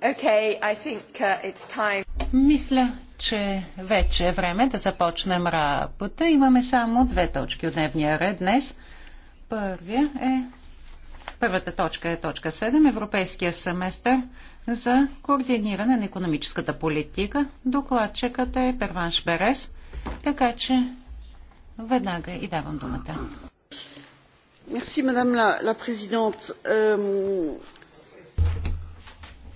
Okay, I think uh, it's time. Мисля, че вече е време да започнем работа. Имаме само две точки от дневния ред днес. Първия е... Първата точка е точка 7, Европейския семестър за координиране на економическата политика. Докладчикът е Перванш Берес, така че веднага и давам думата. Merci, madame la, la présidente. Euh...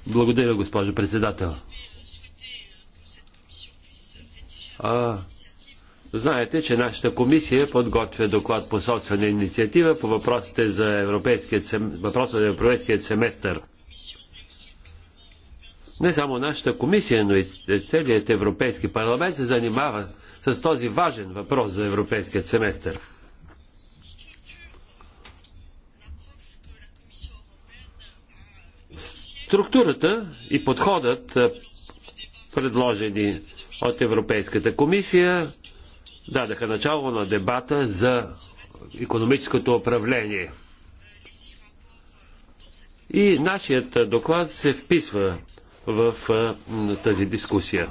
Благодаря, госпожо председател. А, знаете, че нашата комисия подготвя доклад по собствена инициатива по въпросите за европейският, сем... въпроса за европейският семестър. Не само нашата комисия, но и целият Европейски парламент се занимава с този важен въпрос за европейският семестър. Структурата и подходът, е, предложени от Европейската комисия, дадаха начало на дебата за економическото управление. И нашият доклад се вписва в е, тази дискусия.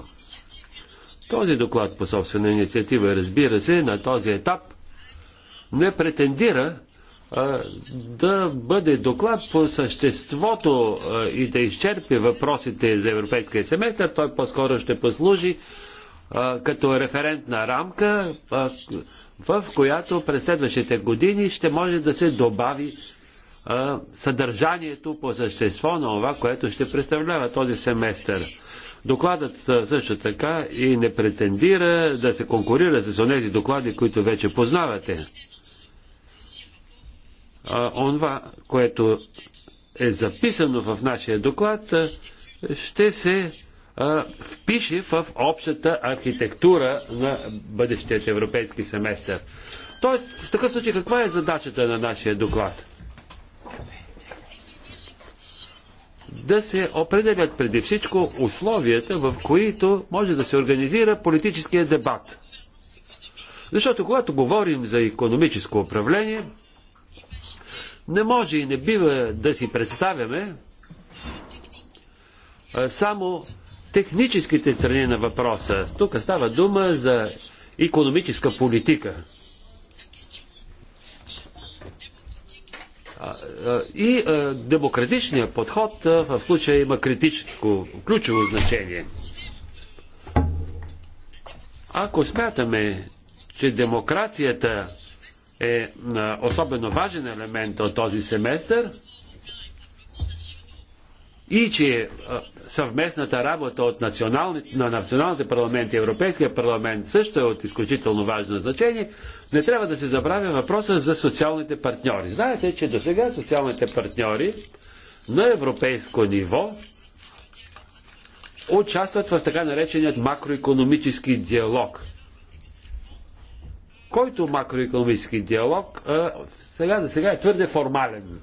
Този доклад по собствена инициатива, разбира се, на този етап не претендира да бъде доклад по съществото и да изчерпи въпросите за европейския семестър. Той по-скоро ще послужи като референтна рамка, в която през следващите години ще може да се добави съдържанието по същество на това, което ще представлява този семестър. Докладът също така и не претендира да се конкурира с тези доклади, които вече познавате онва, което е записано в нашия доклад, ще се впише в общата архитектура на бъдещият европейски семестър. Тоест, в такъв случай, каква е задачата на нашия доклад? Да се определят преди всичко условията, в които може да се организира политическия дебат. Защото когато говорим за економическо управление, не може и не бива да си представяме само техническите страни на въпроса. Тук става дума за економическа политика. И демократичният подход в случая има критическо, ключово значение. Ако смятаме, че демокрацията е, е особено важен елемент от този семестър и че е, съвместната работа от национални, на националните парламенти и Европейския парламент също е от изключително важно значение, не трябва да се забравя въпроса за социалните партньори. Знаете, че до сега социалните партньори на европейско ниво участват в така нареченият макроекономически диалог – който макроекономически диалог а, сега за сега е твърде формален.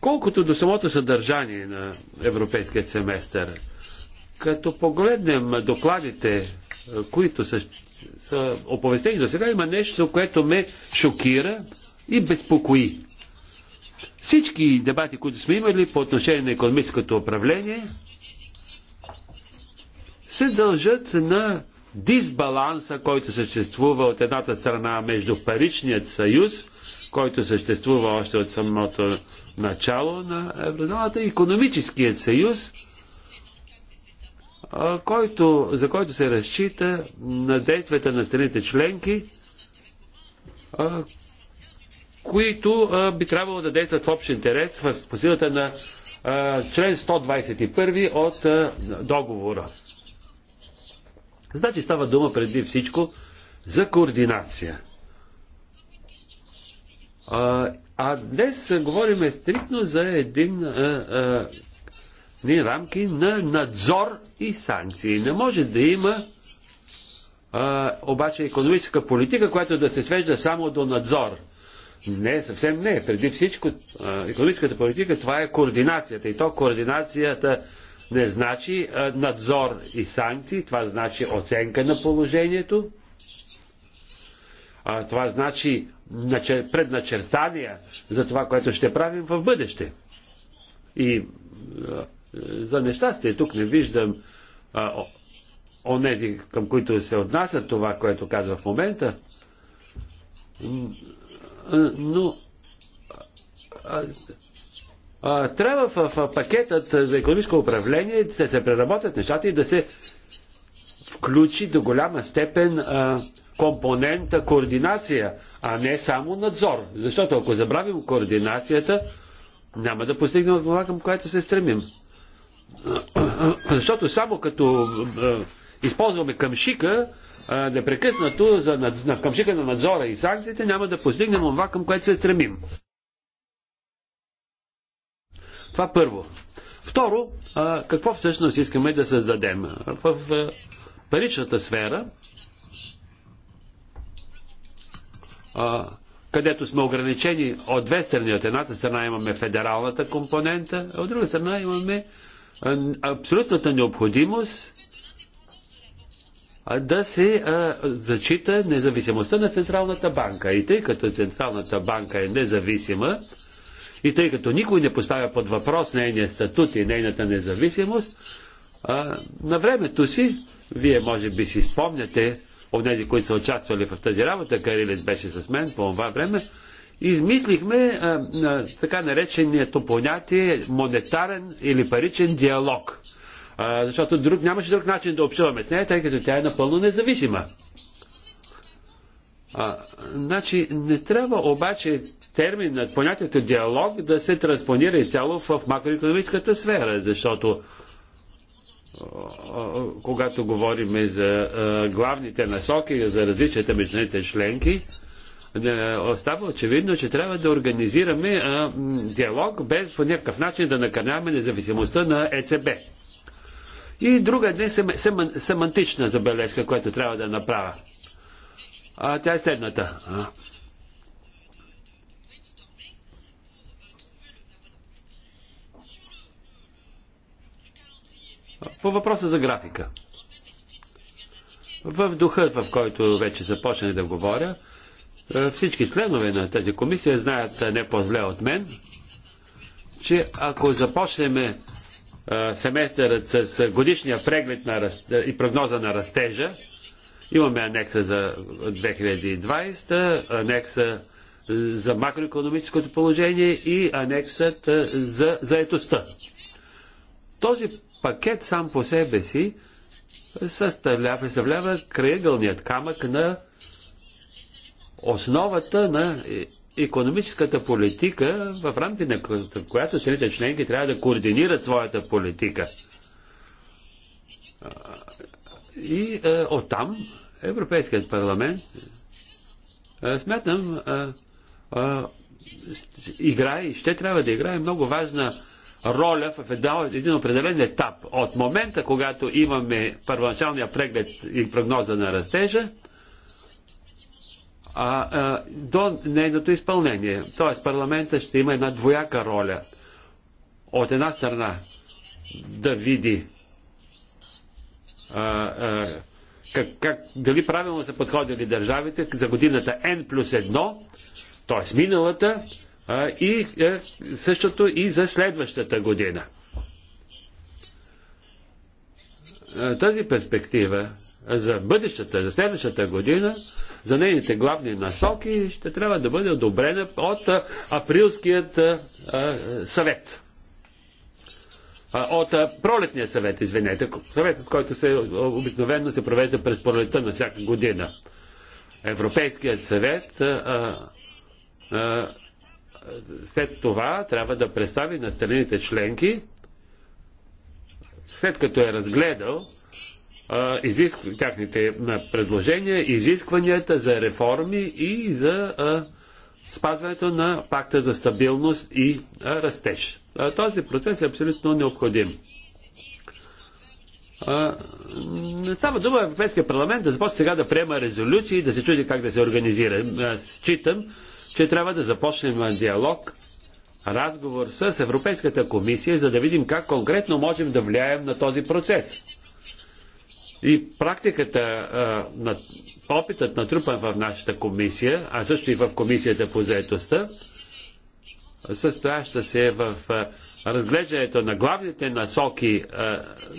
Колкото до самото съдържание на европейския семестър, като погледнем докладите, които са, са оповестени до сега, има нещо, което ме шокира и безпокои. Всички дебати, които сме имали по отношение на економическото управление, се дължат на дисбаланса, който съществува от едната страна между паричният съюз, който съществува още от самото начало на еврозоната, економическият съюз, който, за който се разчита на действията на страните членки, които би трябвало да действат в общ интерес в посилата на член 121 от договора. Значи става дума преди всичко за координация. А, а днес говорим стрикно за един а, а, ни рамки на надзор и санкции. Не може да има а, обаче економическа политика, която да се свежда само до надзор. Не, съвсем не. Преди всичко, а, економическата политика, това е координацията. И то координацията не значи надзор и санкции, това значи оценка на положението, а, това значи предначертания за това, което ще правим в бъдеще. И а, за нещастие тук не виждам а, о, онези, към които се отнася това, което казва в момента, но а, а, трябва в, в пакетът за економическо управление да се преработят нещата и да се включи до голяма степен а, компонента координация, а не само надзор. Защото ако забравим координацията, няма да постигнем това, към което се стремим. Защото само като използваме къмшика, непрекъснато за над... на къмшика на надзора и санкциите, няма да постигнем това, към което се стремим. Това първо. Второ, какво всъщност искаме да създадем? В паричната сфера, където сме ограничени от две страни. От едната страна имаме федералната компонента, а от друга страна имаме абсолютната необходимост да се зачита независимостта на Централната банка. И тъй като Централната банка е независима, и тъй като никой не поставя под въпрос нейния статут и нейната независимост, а, на времето си, вие може би си спомняте, от тези, които са участвали в тази работа, Карилец беше с мен по това време, измислихме а, на, така наречението понятие монетарен или паричен диалог. А, защото друг, нямаше друг начин да общуваме с нея, тъй като тя е напълно независима. А, значи, не трябва обаче терминът, понятието диалог да се транспонира изцяло в макроекономическата сфера, защото когато говорим за главните насоки, за различията между членки, остава очевидно, че трябва да организираме диалог без по някакъв начин да накърняваме независимостта на ЕЦБ. И друга не семантична забележка, която трябва да направя. А, тя е следната. По въпроса за графика. В духа, в който вече започнах да говоря, е, всички членове на тази комисия знаят е, не по-зле от мен, че ако започнем е, семестърът с годишния преглед на раз... и прогноза на растежа, имаме анекса за 2020, анекса за макроекономическото положение и анексът за заетостта. Този пакет сам по себе си съставлява, представлява крайъгълният камък на основата на е, економическата политика, в рамките на която страните членки трябва да координират своята политика. И е, оттам Европейският парламент е, смятам е, е, играе и ще трябва да играе много важна роля в един определен етап. От момента, когато имаме първоначалния преглед и прогноза на растежа, а, а, до нейното изпълнение. Тоест парламента ще има една двояка роля. От една страна да види а, а, как, как, дали правилно са подходили държавите за годината N плюс 1, т.е. миналата, и е, същото и за следващата година. Тази перспектива за бъдещата, за следващата година, за нейните главни насоки ще трябва да бъде одобрена от априлският съвет. От пролетния съвет, извинете, съветът, който се, обикновено се провежда през пролета на всяка година. Европейският съвет след това трябва да представи на страните членки, след като е разгледал а, изиск... тяхните предложения, изискванията за реформи и за а, спазването на пакта за стабилност и а, растеж. А, този процес е абсолютно необходим. А, не става дума Европейския парламент да започне сега да приема резолюции и да се чуди как да се организира. Аз считам, че трябва да започнем диалог, разговор с Европейската комисия, за да видим как конкретно можем да влияем на този процес. И практиката, на, опитът натрупан в нашата комисия, а също и в комисията по заетостта, състояща се в разглеждането на главните насоки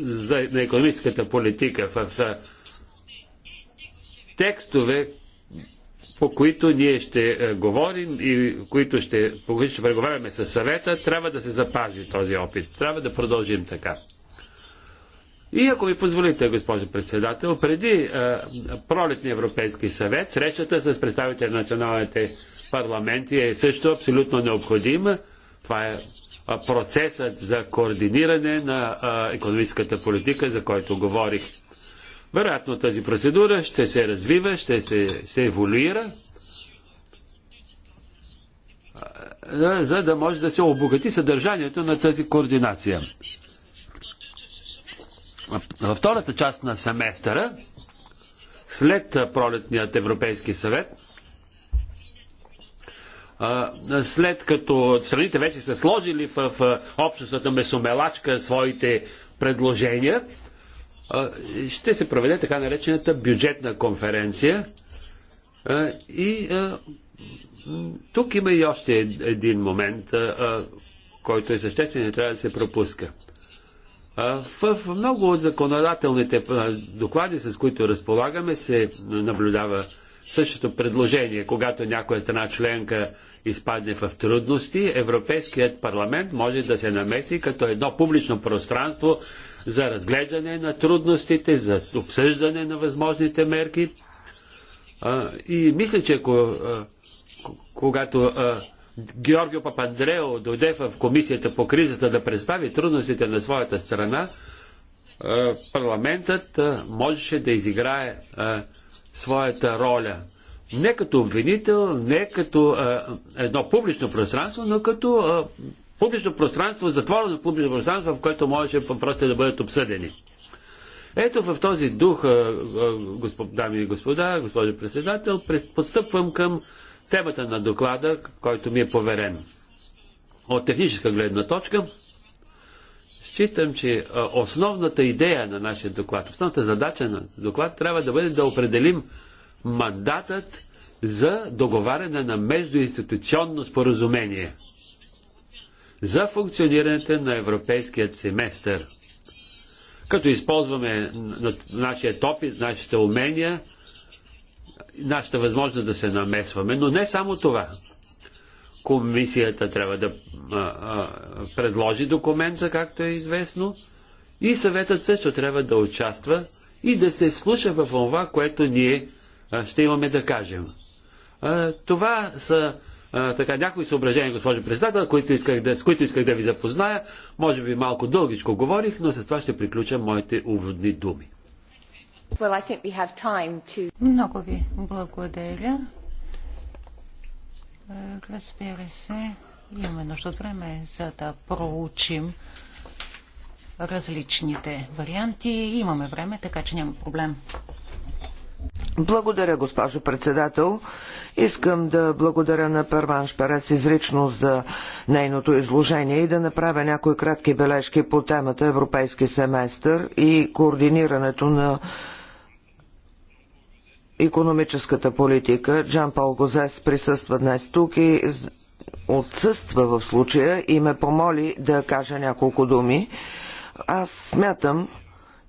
за, на економическата политика в текстове, по които ние ще е, говорим и които ще, по които ще преговаряме с съвета, трябва да се запази този опит. Трябва да продължим така. И ако ми позволите, госпожо председател, преди а, е, пролетния Европейски съвет, срещата с представители на националните парламенти е също абсолютно необходима. Това е, е процесът за координиране на а, економическата политика, за който говорих. Вероятно тази процедура ще се развива, ще се се еволюира, за да може да се обогати съдържанието на тази координация. Във втората част на семестъра, след пролетният Европейски съвет, след като страните вече са сложили в общностната месомелачка своите предложения, ще се проведе така наречената бюджетна конференция. И тук има и още един момент, който е съществен и трябва да се пропуска. В много от законодателните доклади, с които разполагаме, се наблюдава същото предложение. Когато някоя страна членка изпадне в трудности, Европейският парламент може да се намеси като едно публично пространство за разглеждане на трудностите, за обсъждане на възможните мерки. А, и мисля, че ако, когато а, Георгио Папандрео дойде в комисията по кризата да представи трудностите на своята страна, а, парламентът можеше да изиграе своята роля. Не като обвинител, не като едно публично пространство, но като публично пространство, затворено публично пространство, в което можеше въпросите да бъдат обсъдени. Ето в този дух, господ, дами и господа, госпожо председател, подстъпвам към темата на доклада, който ми е поверен. От техническа гледна точка, считам, че основната идея на нашия доклад, основната задача на доклад трябва да бъде да определим мандатът за договаряне на междуинституционно споразумение – за функционирането на европейският семестър. Като използваме нашия опит, нашите умения, нашата възможност да се намесваме, но не само това. Комисията трябва да а, а, предложи документа, както е известно, и съветът също трябва да участва и да се вслуша в това, което ние а, ще имаме да кажем. А, това са така, някои съображения, госпожо председател, които исках да, с които исках да ви запозная. Може би малко дългичко говорих, но с това ще приключа моите уводни думи. Well, I think we have time to... Много ви благодаря. Е, разбира се, имаме нужда от време, за да проучим различните варианти. Имаме време, така че няма проблем. Благодаря, госпожо председател. Искам да благодаря на Перванш Перес изрично за нейното изложение и да направя някои кратки бележки по темата Европейски семестър и координирането на економическата политика. Джан Пол Гозес присъства днес тук и отсъства в случая и ме помоли да кажа няколко думи. Аз смятам,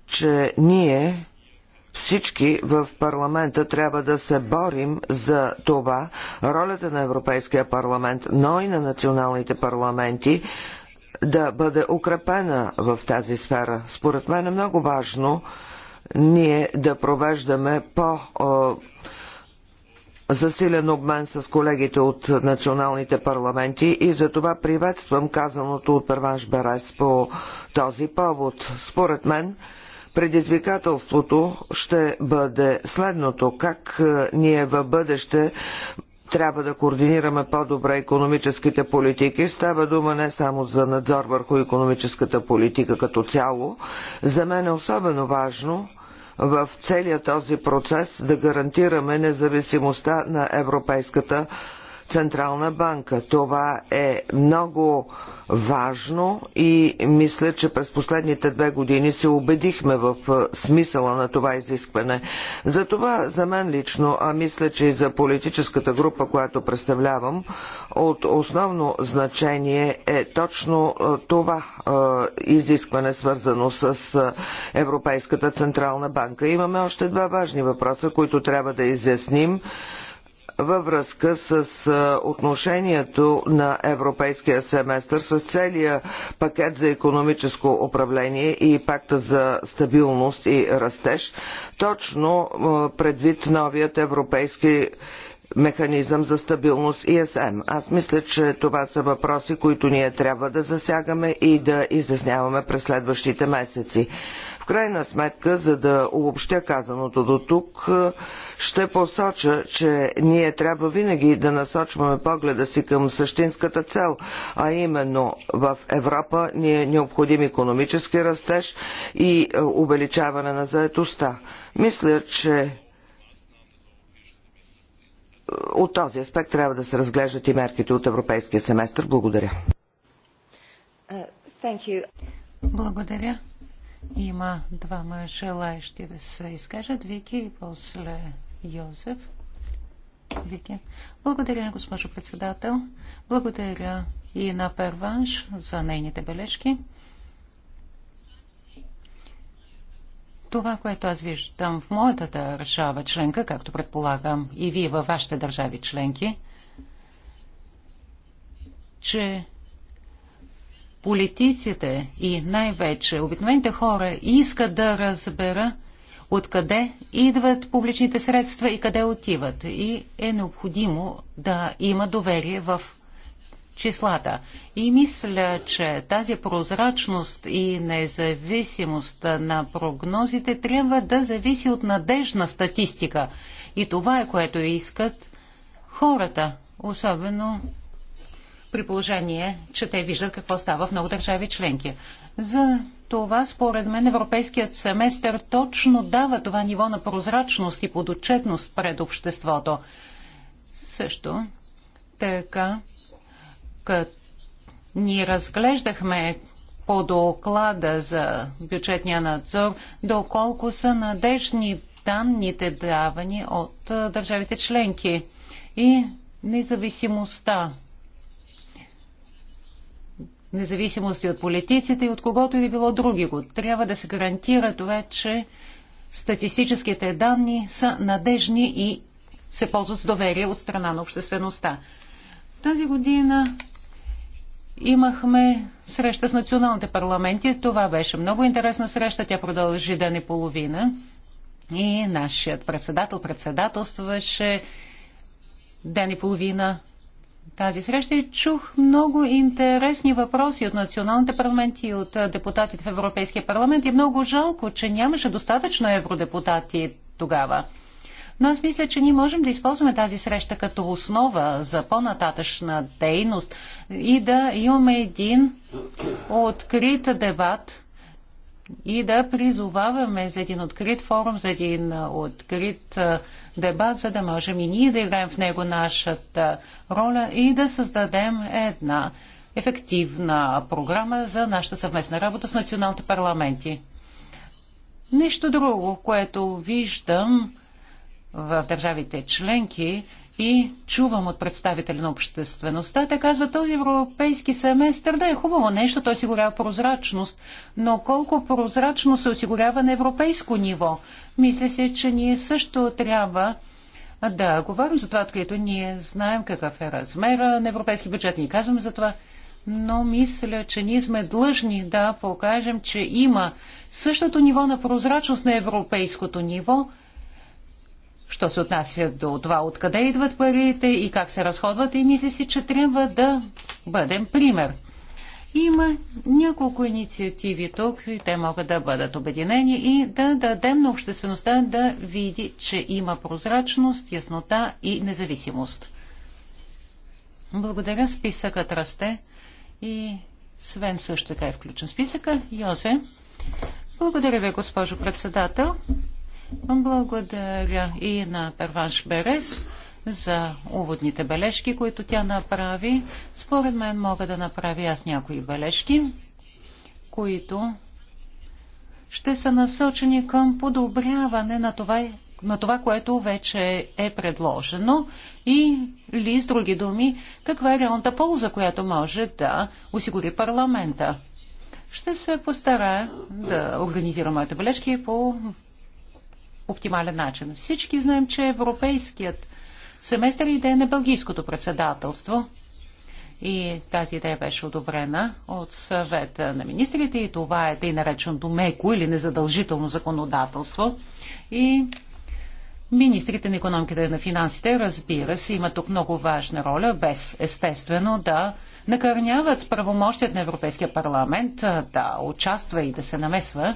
че ние всички в парламента трябва да се борим за това ролята на Европейския парламент, но и на националните парламенти да бъде укрепена в тази сфера. Според мен е много важно ние да провеждаме по засилен обмен с колегите от националните парламенти и за това приветствам казаното от Първанш Берес по този повод. Според мен Предизвикателството ще бъде следното. Как е, ние в бъдеще трябва да координираме по-добре економическите политики. Става дума не само за надзор върху економическата политика като цяло. За мен е особено важно в целия този процес да гарантираме независимостта на Европейската Централна банка. Това е много важно и мисля, че през последните две години се убедихме в е, смисъла на това изискване. За това за мен лично, а мисля, че и за политическата група, която представлявам, от основно значение е точно е, това е, изискване, свързано с Европейската Централна банка. Имаме още два важни въпроса, които трябва да изясним във връзка с отношението на европейския семестър с целия пакет за економическо управление и пакта за стабилност и растеж, точно предвид новият европейски механизъм за стабилност и СМ. Аз мисля, че това са въпроси, които ние трябва да засягаме и да изясняваме през следващите месеци. В крайна сметка, за да обобщя казаното до тук, ще посоча, че ние трябва винаги да насочваме погледа си към същинската цел, а именно в Европа ни е необходим економически растеж и е, увеличаване на заетостта. Мисля, че е, от този аспект трябва да се разглеждат и мерките от европейския семестър. Благодаря. Е, Благодаря. Има двама желаящи да се изкажат. Вики и после Йозеф. Вики. Благодаря, госпожо председател. Благодаря и на Перванш за нейните бележки. Това, което аз виждам в моята държава членка, както предполагам и вие във вашите държави членки, че политиците и най-вече обикновените хора искат да разбера откъде идват публичните средства и къде отиват. И е необходимо да има доверие в числата. И мисля, че тази прозрачност и независимост на прогнозите трябва да зависи от надежна статистика. И това е което искат хората, особено при положение, че те виждат какво става в много държави членки. За това, според мен, европейският семестър точно дава това ниво на прозрачност и подотчетност пред обществото. Също така, като ни разглеждахме по доклада за бюджетния надзор, доколко са надежни данните давани от държавите членки и независимостта Независимости от политиците, и от когото и да било други го. Трябва да се гарантира това, че статистическите данни са надежни и се ползват с доверие от страна на обществеността. Тази година имахме среща с националните парламенти. Това беше много интересна среща. Тя продължи ден и половина. И нашият председател председателстваше ден и половина тази среща и чух много интересни въпроси от националните парламенти и от депутатите в Европейския парламент. И е много жалко, че нямаше достатъчно евродепутати тогава. Но аз мисля, че ние можем да използваме тази среща като основа за по-нататъчна дейност и да имаме един открит дебат и да призоваваме за един открит форум, за един открит дебат, за да можем и ние да играем в него нашата роля и да създадем една ефективна програма за нашата съвместна работа с националните парламенти. Нещо друго, което виждам в държавите членки и чувам от представители на обществеността, те казват, този европейски семестър да е хубаво нещо, той осигурява прозрачност, но колко прозрачно се осигурява на европейско ниво? Мисля се, че ние също трябва да говорим за това откъдето Ние знаем какъв е размера на европейски бюджет, ние казваме за това, но мисля, че ние сме длъжни да покажем, че има същото ниво на прозрачност на европейското ниво, що се отнася до това откъде идват парите и как се разходват и мисля си, че трябва да бъдем пример. Има няколко инициативи тук и те могат да бъдат обединени и да дадем на обществеността да види, че има прозрачност, яснота и независимост. Благодаря. Списъкът расте и Свен също така е включен списъка. Йозе. Благодаря ви, госпожо председател. Благодаря и на Перванш Берес за уводните бележки, които тя направи. Според мен мога да направя аз някои бележки, които ще са насочени към подобряване на това, на това, което вече е предложено и ли с други думи, каква е реалната полза, която може да осигури парламента. Ще се постарая да организирам моите бележки по оптимален начин. Всички знаем, че Европейският семестър идея на Бългийското председателство. И тази идея беше одобрена от съвета на министрите и това е тъй нареченото меко или незадължително законодателство. И Министрите на економиката и на финансите, разбира се, имат тук много важна роля, без естествено да накърняват правомощият на Европейския парламент да участва и да се намесва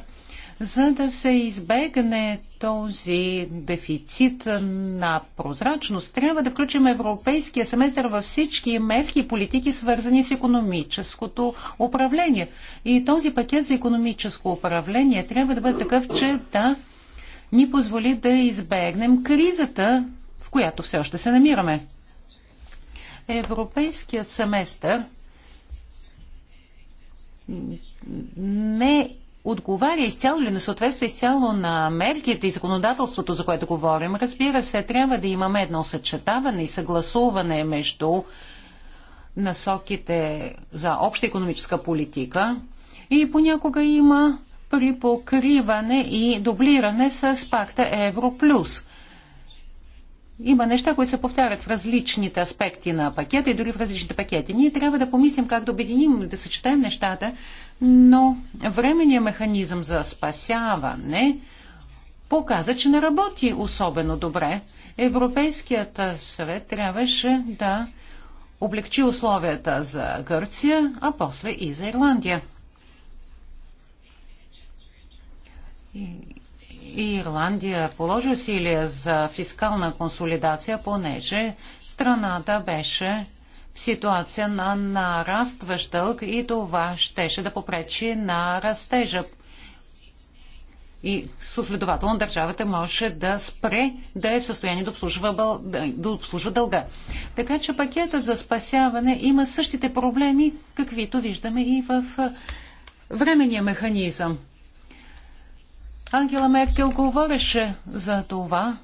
за да се избегне този дефицит на прозрачност, трябва да включим европейския семестър във всички мерки и политики, свързани с економическото управление. И този пакет за економическо управление трябва да бъде такъв, че да ни позволи да избегнем кризата, в която все още се намираме. Европейският семестър не отговаря изцяло или не съответства изцяло на мерките и законодателството, за което говорим. Разбира се, трябва да имаме едно съчетаване и съгласуване между насоките за обща економическа политика и понякога има припокриване и дублиране с пакта Европлюс има неща, които се повтарят в различните аспекти на пакета и дори в различните пакети. Ние трябва да помислим как да обединим, да съчетаем нещата, но временният механизъм за спасяване показа, че не работи особено добре. Европейският съвет трябваше да облегчи условията за Гърция, а после и за Ирландия и Ирландия положи усилия за фискална консолидация, понеже страната беше в ситуация на нарастващ дълг и това щеше да попречи на растежа. И следователно държавата може да спре да е в състояние да обслужва, да обслужва дълга. Така че пакетът за спасяване има същите проблеми, каквито виждаме и в временния механизъм. Ангела Меркел говореше за това.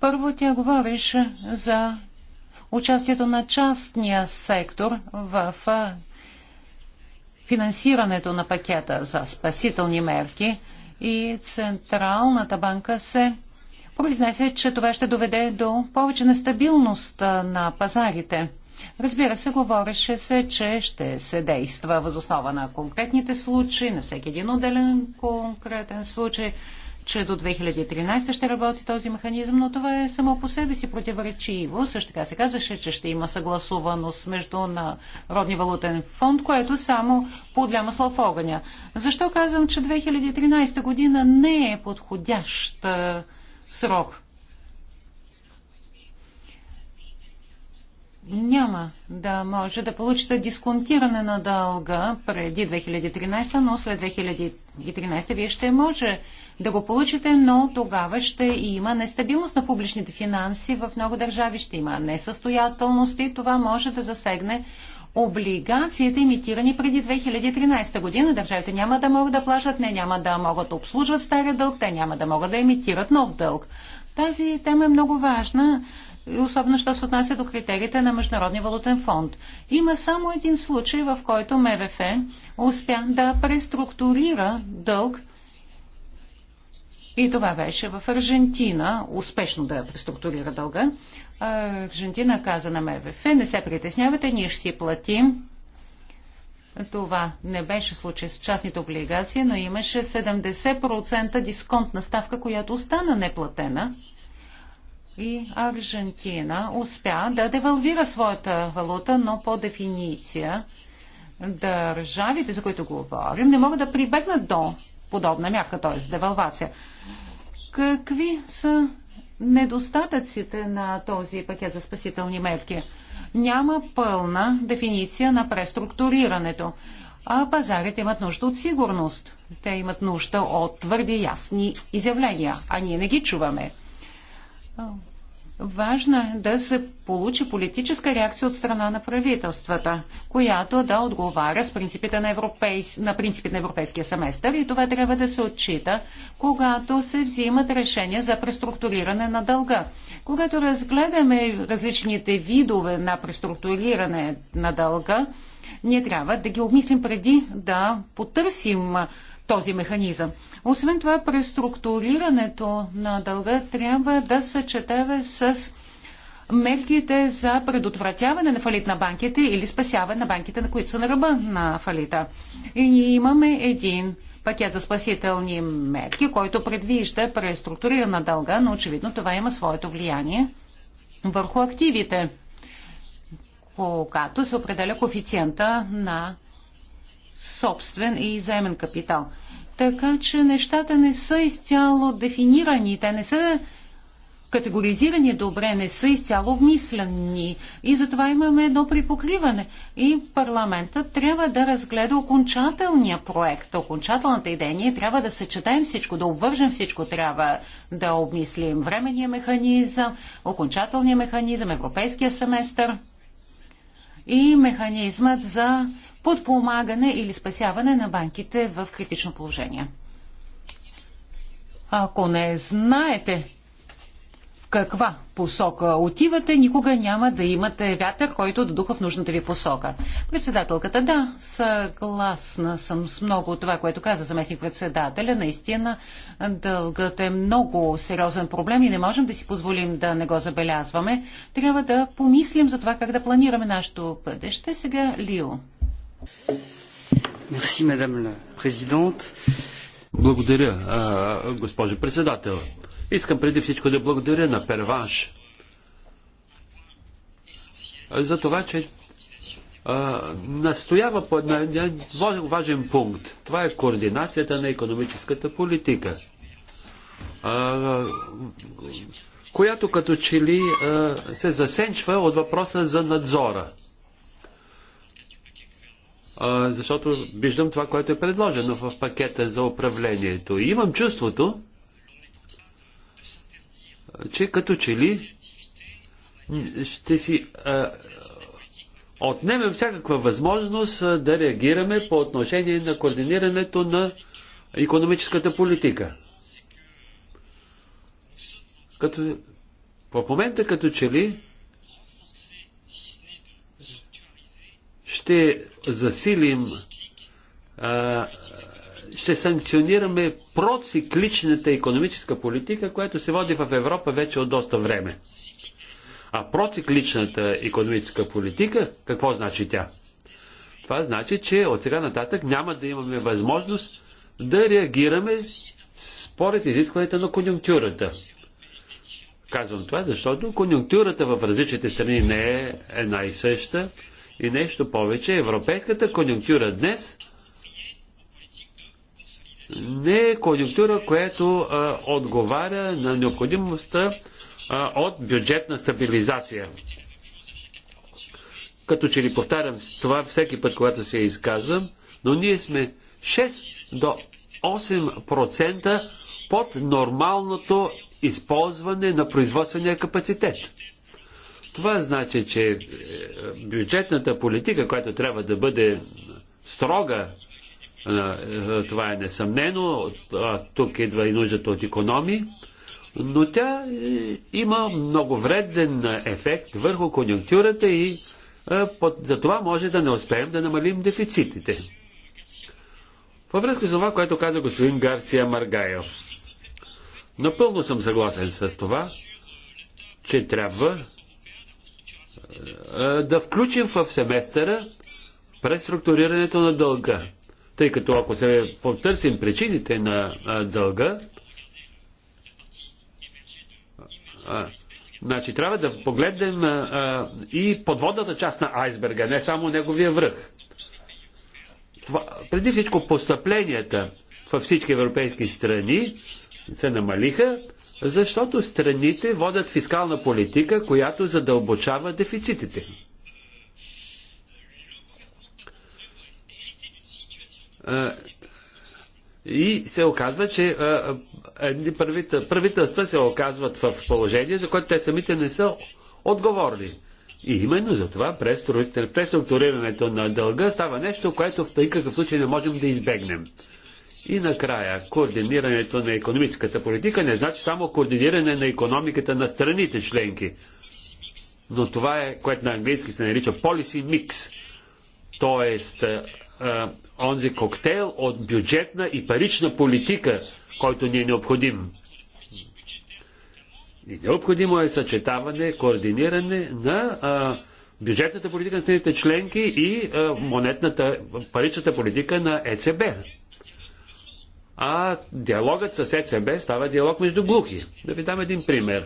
Първо тя говореше за участието на частния сектор в финансирането на пакета за спасителни мерки и Централната банка се произнесе, че това ще доведе до повече нестабилност на пазарите. Разбира се, говореше се, че ще се действа възоснова на конкретните случаи, на всеки един отделен конкретен случай, че до 2013 ще работи този механизъм, но това е само по себе си противоречиво. Също така се казваше, че ще има съгласуваност между Народни валутен фонд, което само подля масло в огъня. Защо казвам, че 2013 година не е подходящ срок? няма да може да получите дисконтиране на дълга преди 2013, но след 2013 вие ще може да го получите, но тогава ще има нестабилност на публичните финанси в много държави, ще има несъстоятелност и това може да засегне облигациите, имитирани преди 2013 година. Държавите няма да могат да плащат, не няма да могат да обслужват стария дълг, те няма да могат да имитират нов дълг. Тази тема е много важна особено що се отнася до критериите на Международния валутен фонд. Има само един случай, в който МВФ успя да преструктурира дълг и това беше в Аржентина, успешно да преструктурира дълга. Аржентина каза на МВФ, не се притеснявате, ние ще си платим. Това не беше случай с частните облигации, но имаше 70% дисконтна ставка, която остана неплатена и Аржентина успя да девалвира своята валута, но по дефиниция държавите, за които говорим, не могат да прибегнат до подобна мярка, т.е. девалвация. Какви са недостатъците на този пакет за спасителни мерки? Няма пълна дефиниция на преструктурирането, а пазарите имат нужда от сигурност. Те имат нужда от твърди ясни изявления, а ние не ги чуваме. Важно е да се получи политическа реакция от страна на правителствата, която да отговаря с принципите на, европейс... на принципите на европейския семестър и това трябва да се отчита, когато се взимат решения за преструктуриране на дълга. Когато разгледаме различните видове на преструктуриране на дълга, ние трябва да ги обмислим преди да потърсим този механизъм. Освен това, преструктурирането на дълга трябва да съчетава с мерките за предотвратяване на фалит на банките или спасяване на банките, на които са на ръба на фалита. И ние имаме един пакет за спасителни мерки, който предвижда преструктурирана на дълга, но очевидно това има своето влияние върху активите, когато се определя коефициента на собствен и заемен капитал. Така че нещата не са изцяло дефинирани, те не са категоризирани добре, не са изцяло обмислени и затова имаме едно припокриване. И парламентът трябва да разгледа окончателния проект, окончателната идея. Ние трябва да съчетаем всичко, да обвържем всичко. Трябва да обмислим временния механизъм, окончателния механизъм, европейския семестър – и механизмът за подпомагане или спасяване на банките в критично положение. Ако не знаете каква посока отивате, никога няма да имате вятър, който да духа в нужната ви посока. Председателката, да, съгласна съм с много от това, което каза заместник председателя. Наистина дългът е много сериозен проблем и не можем да си позволим да не го забелязваме. Трябва да помислим за това как да планираме нашето бъдеще. Сега Лио. Мерси, мадам президент. Благодаря, госпожо председател. Искам преди всичко да благодаря на Перванш за това, че а, настоява по на един важен пункт. Това е координацията на економическата политика, а, която като че ли а, се засенчва от въпроса за надзора. А, защото виждам това, което е предложено в пакета за управлението. И имам чувството, че като че ли ще си а, отнеме всякаква възможност а, да реагираме по отношение на координирането на економическата политика. Като, в момента като че ли ще засилим а, ще санкционираме процикличната економическа политика, която се води в Европа вече от доста време. А процикличната економическа политика, какво значи тя? Това значи, че от сега нататък няма да имаме възможност да реагираме според изискването на конюнктурата. Казвам това, защото конюнктурата в различните страни не е една и съща. И нещо повече, европейската конюнктура днес – не е конъюнктура, която а, отговаря на необходимостта а, от бюджетна стабилизация. Като че ли повтарям това всеки път, когато се изказвам, но ние сме 6 до 8% под нормалното използване на производствения капацитет. Това значи, че е, бюджетната политика, която трябва да бъде строга, е, това е несъмнено. Тук идва и нуждата от економии. Но тя е, има много вреден ефект върху конъюнктурата и е, за това може да не успеем да намалим дефицитите. Във връзка с това, което каза господин Гарсия Маргайо, напълно съм съгласен с това, че трябва да включим в семестъра преструктурирането на дълга. Тъй като ако се потърсим причините на а, дълга, а, значи трябва да погледнем а, и подводната част на айсберга, не само неговия връх. Това, преди всичко постъпленията във всички европейски страни се намалиха, защото страните водят фискална политика, която задълбочава дефицитите. И се оказва, че правителства се оказват в положение, за което те самите не са отговорни. И именно за това преструктурирането на дълга става нещо, което в никакъв случай не можем да избегнем. И накрая, координирането на економическата политика не значи само координиране на економиката на страните членки. Но това е, което на английски се нарича policy mix. Тоест, онзи коктейл от бюджетна и парична политика, който ни е необходим. И необходимо е съчетаване, координиране на а, бюджетната политика на страните членки и а, монетната, паричната политика на ЕЦБ. А диалогът с ЕЦБ става диалог между глухи. Да ви дам един пример.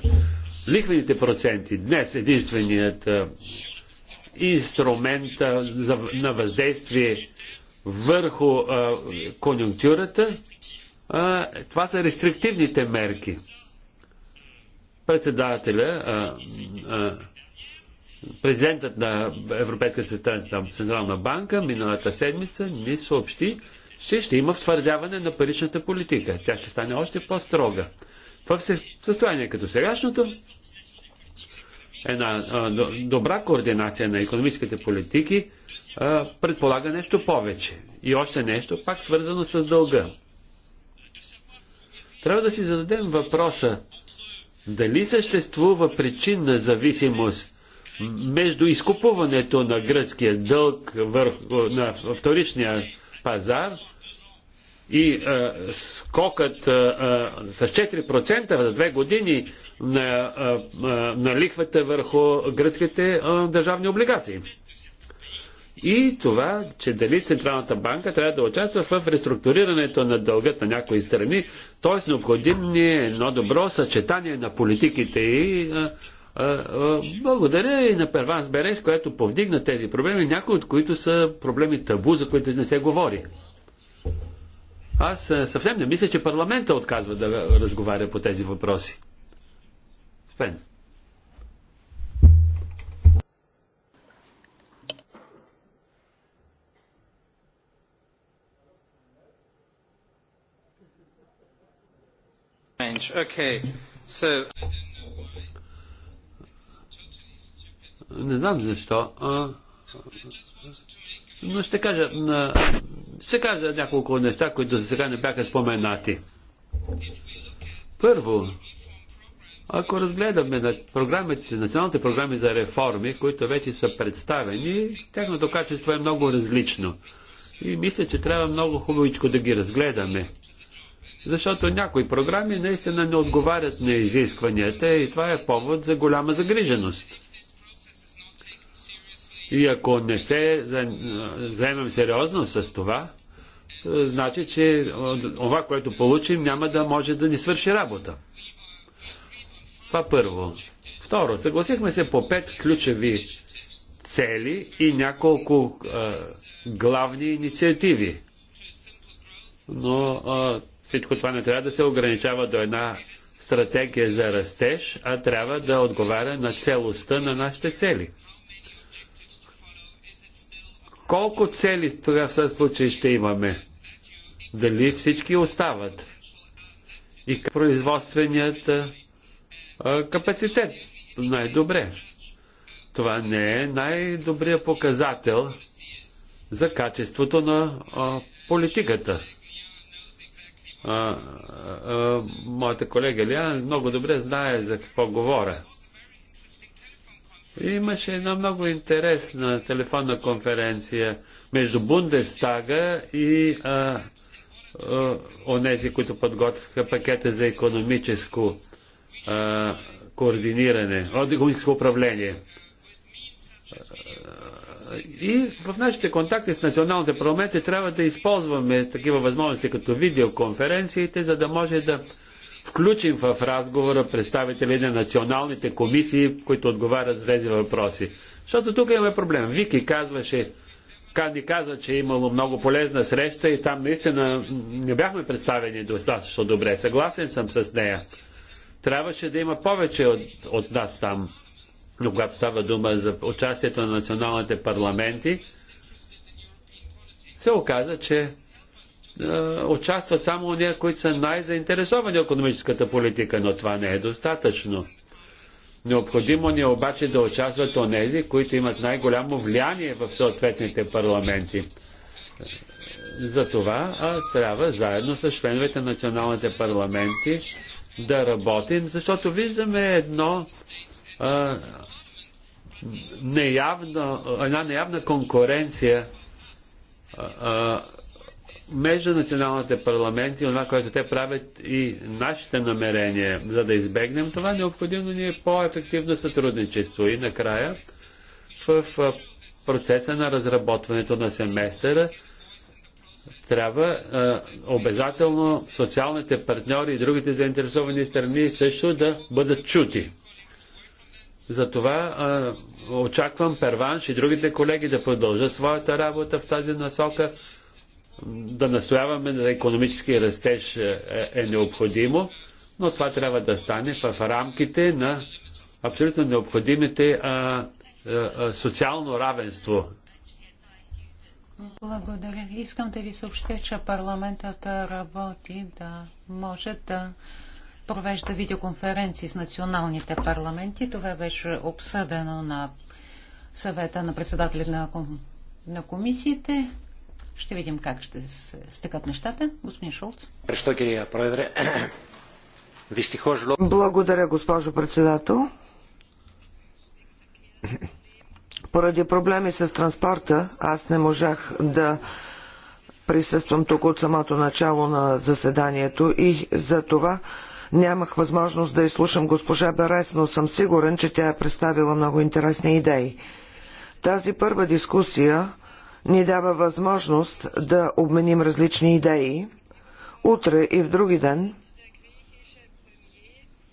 Лихвените проценти. Днес единственият а, Инструмента на въздействие върху конюнктурата, това са рестриктивните мерки. Председателя, президентът на Европейската централна банка миналата седмица ни съобщи, че ще има втвърдяване на паричната политика. Тя ще стане още по-строга. В състояние като сегашното, една добра координация на економическите политики предполага нещо повече. И още нещо, пак свързано с дълга. Трябва да си зададем въпроса дали съществува причинна зависимост между изкупуването на гръцкия дълг върху, на вторичния пазар и а, е, скокът а, е, е, с 4% за две години на, а, на лихвата върху гръцките а, държавни облигации. И това, че дали Централната банка трябва да участва в реструктурирането на дългът на някои страни, т.е. необходим ни е едно добро съчетание на политиките и а, благодаря и на Перванс Береш, която повдигна тези проблеми, някои от които са проблеми табу, за които не се говори. Аз е, съвсем не мисля, че парламента отказва да разговаря по тези въпроси. Спен. Okay. So... Не знам защо. А... Но ще кажа, ще кажа няколко неща, които за сега не бяха споменати. Първо, ако разгледаме на програмите, националните програми за реформи, които вече са представени, тяхното качество е много различно. И мисля, че трябва много хубавичко да ги разгледаме. Защото някои програми наистина не отговарят на изискванията и това е повод за голяма загриженост. И ако не се вземем сериозно с това, значи, че това, което получим, няма да може да ни свърши работа. Това първо. Второ, съгласихме се по пет ключови цели и няколко а, главни инициативи. Но а, всичко това не трябва да се ограничава до една стратегия за растеж, а трябва да отговаря на целостта на нашите цели. Колко цели в със случай ще имаме? Дали всички остават? И производственият капацитет най-добре. Това не е най-добрият показател за качеството на а, политиката. А, а, моята колега Лиан много добре знае за какво говоря. Имаше една много интересна телефонна конференция между Бундестага и а, а, онези, които подготвиха пакета за економическо а, координиране, економическо управление. И в нашите контакти с националните парламенти трябва да използваме такива възможности като видеоконференциите, за да може да включим в разговора представители на националните комисии, които отговарят за тези въпроси. Защото тук имаме проблем. Вики казваше, Канди каза, че е имало много полезна среща и там наистина не бяхме представени достатъчно добре. Съгласен съм с нея. Трябваше да има повече от, от нас там. Но когато става дума за участието на националните парламенти, се оказа, че е, участват само ние, които са най-заинтересовани в економическата политика, но това не е достатъчно. Необходимо ни е обаче да участват онези, които имат най-голямо влияние в съответните парламенти. За това трябва заедно с членовете на националните парламенти да работим, защото виждаме едно а, неявно, една неявна конкуренция а, между националните парламенти, това, което те правят и нашите намерения, за да избегнем това, необходимо ни е по-ефективно сътрудничество. И накрая, в процеса на разработването на семестъра, трябва обязателно социалните партньори и другите заинтересовани страни също да бъдат чути. Затова очаквам Перванш и другите колеги да продължат своята работа в тази насока да настояваме на економически растеж е, е необходимо, но това трябва да стане в рамките на абсолютно необходимите а, а, социално равенство. Благодаря. Искам да ви съобщя, че парламентът работи да може да провежда видеоконференции с националните парламенти. Това беше обсъдено на съвета на председателите на, ком... на комисиите. Ще видим как ще се стекат нещата. Господин Шулц. Благодаря, госпожо председател. Поради проблеми с транспорта, аз не можах да присъствам тук от самото начало на заседанието и за това нямах възможност да изслушам госпожа Берес, но съм сигурен, че тя е представила много интересни идеи. Тази първа дискусия ни дава възможност да обменим различни идеи. Утре и в други ден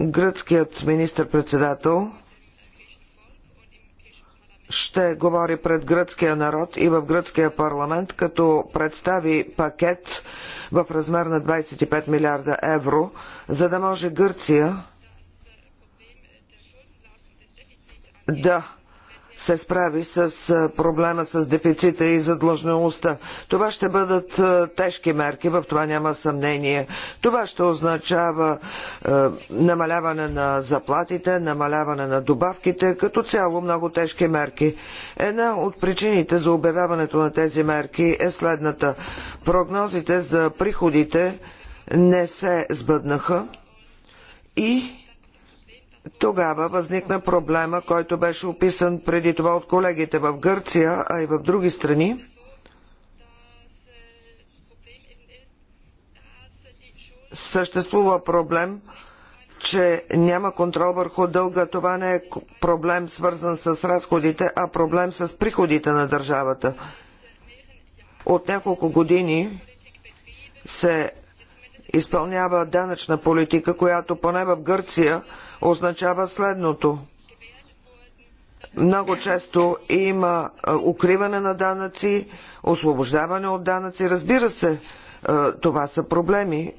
гръцкият министр-председател ще говори пред гръцкия народ и в гръцкия парламент, като представи пакет в размер на 25 милиарда евро, за да може Гърция да се справи с проблема с дефицита и задлъжнялостта. Това ще бъдат тежки мерки, в това няма съмнение. Това ще означава е, намаляване на заплатите, намаляване на добавките, като цяло много тежки мерки. Една от причините за обявяването на тези мерки е следната. Прогнозите за приходите не се сбъднаха и тогава възникна проблема, който беше описан преди това от колегите в Гърция, а и в други страни. Съществува проблем, че няма контрол върху дълга. Това не е проблем свързан с разходите, а проблем с приходите на държавата. От няколко години се изпълнява данъчна политика, която поне в Гърция означава следното. Много често има укриване на данъци, освобождаване от данъци. Разбира се, това са проблеми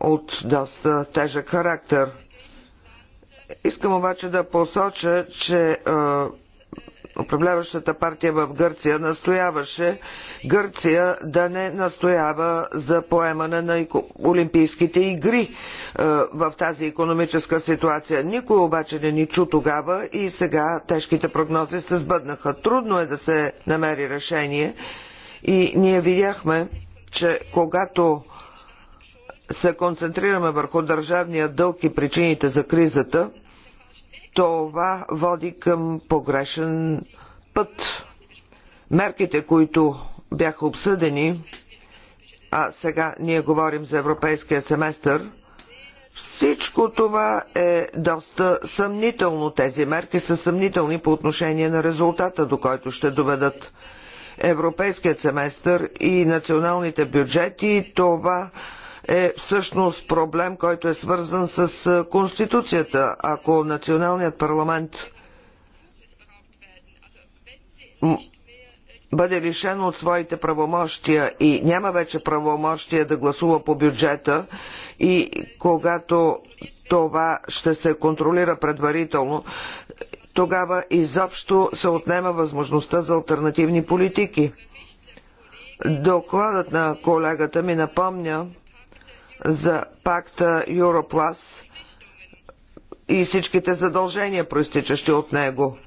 от доста тежък характер. Искам обаче да посоча, че управляващата партия в Гърция настояваше Гърция да не настоява за поемане на Олимпийските игри е, в тази економическа ситуация. Никой обаче не ни чу тогава и сега тежките прогнози се сбъднаха. Трудно е да се намери решение и ние видяхме, че когато се концентрираме върху държавния дълг и причините за кризата – това води към погрешен път. Мерките, които бяха обсъдени, а сега ние говорим за европейския семестър, всичко това е доста съмнително. Тези мерки са съмнителни по отношение на резултата, до който ще доведат европейският семестър и националните бюджети. Това е всъщност проблем, който е свързан с е, Конституцията. Ако националният парламент бъде лишен от своите правомощия и няма вече правомощия да гласува по бюджета и когато това ще се контролира предварително, тогава изобщо се отнема възможността за альтернативни политики. Докладът на колегата ми напомня за пакта Европлас и всичките задължения, проистичащи от него.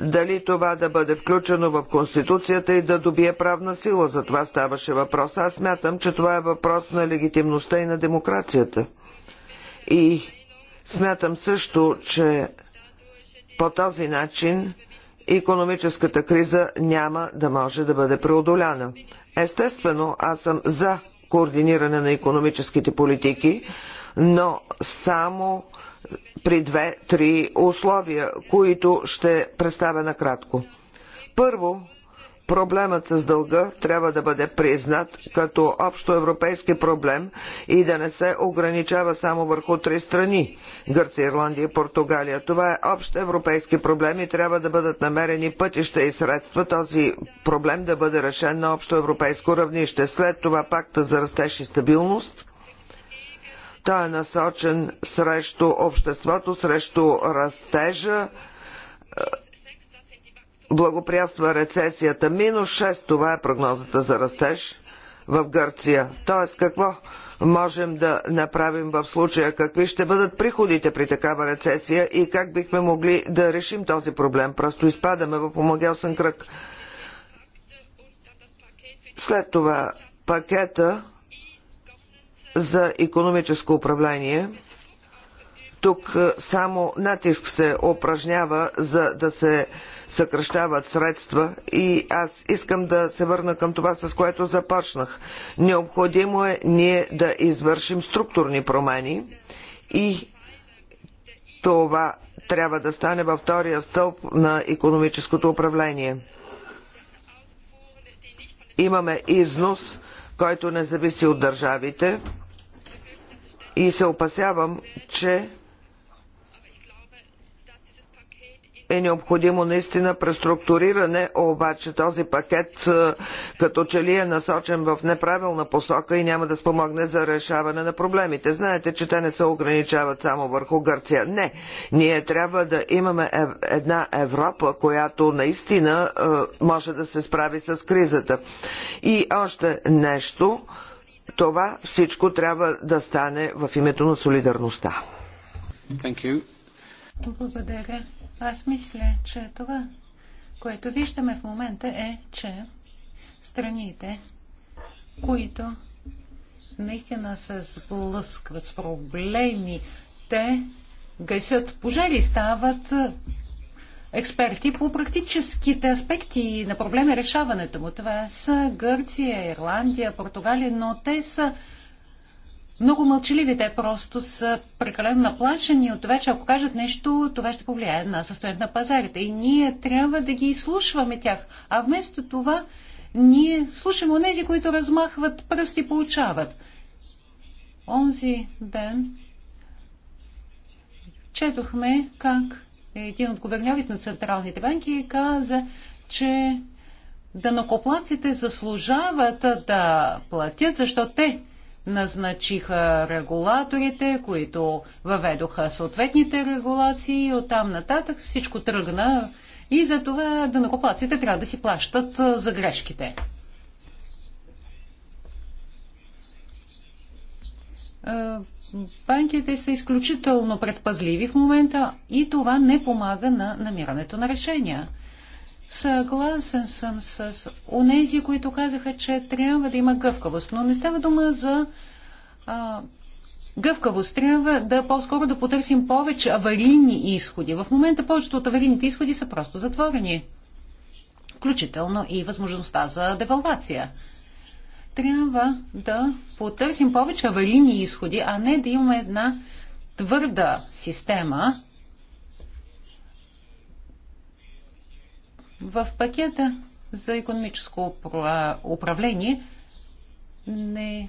Дали това да бъде включено в Конституцията и да добие правна сила, за това ставаше въпрос. Аз смятам, че това е въпрос на легитимността и на демокрацията. И смятам също, че по този начин економическата криза няма да може да бъде преодоляна. Естествено, аз съм за координиране на економическите политики, но само при две-три условия, които ще представя накратко. Първо, Проблемът с дълга трябва да бъде признат като общо европейски проблем и да не се ограничава само върху три страни – Гърция, Ирландия и Португалия. Това е общ европейски проблем и трябва да бъдат намерени пътища и средства този проблем да бъде решен на общо европейско равнище. След това пакта за растеж и стабилност – той е насочен срещу обществото, срещу растежа благоприятства рецесията. Минус 6, това е прогнозата за растеж в Гърция. Тоест какво можем да направим в случая? Какви ще бъдат приходите при такава рецесия и как бихме могли да решим този проблем? Просто изпадаме в омагелсен кръг. След това пакета за економическо управление. Тук само натиск се упражнява, за да се съкръщават средства и аз искам да се върна към това, с което започнах. Необходимо е ние да извършим структурни промени и това трябва да стане във втория стълб на економическото управление. Имаме износ, който не зависи от държавите и се опасявам, че е необходимо наистина преструктуриране, обаче този пакет е, като че ли е насочен в неправилна посока и няма да спомогне за решаване на проблемите. Знаете, че те не се ограничават само върху Гърция. Не, ние трябва да имаме една Европа, която наистина е, може да се справи с кризата. И още нещо. Това всичко трябва да стане в името на солидарността. Благодаря. Аз мисля, че това, което виждаме в момента е, че страните, които наистина се сблъскват с проблеми, те гасят пожари, стават експерти по практическите аспекти на проблеми решаването му. Това са Гърция, Ирландия, Португалия, но те са много мълчаливи. Те просто са прекалено наплашени от това, че ако кажат нещо, това ще повлияе на състоянието на пазарите. И ние трябва да ги изслушваме тях. А вместо това ние слушаме онези, които размахват пръсти и получават. Онзи ден четохме как един от гуверньорите на централните банки каза, че данокоплаците заслужават да платят, защото те назначиха регулаторите, които въведоха съответните регулации и оттам нататък всичко тръгна и за това накоплаците трябва да си плащат за грешките. Банките са изключително предпазливи в момента и това не помага на намирането на решения. Съгласен съм с онези, които казаха, че трябва да има гъвкавост, но не става дума за а, гъвкавост. Трябва да по-скоро да потърсим повече аварийни изходи. В момента повечето от аварийните изходи са просто затворени, включително и възможността за девалвация. Трябва да потърсим повече аварийни изходи, а не да имаме една твърда система, В пакета за економическо управление не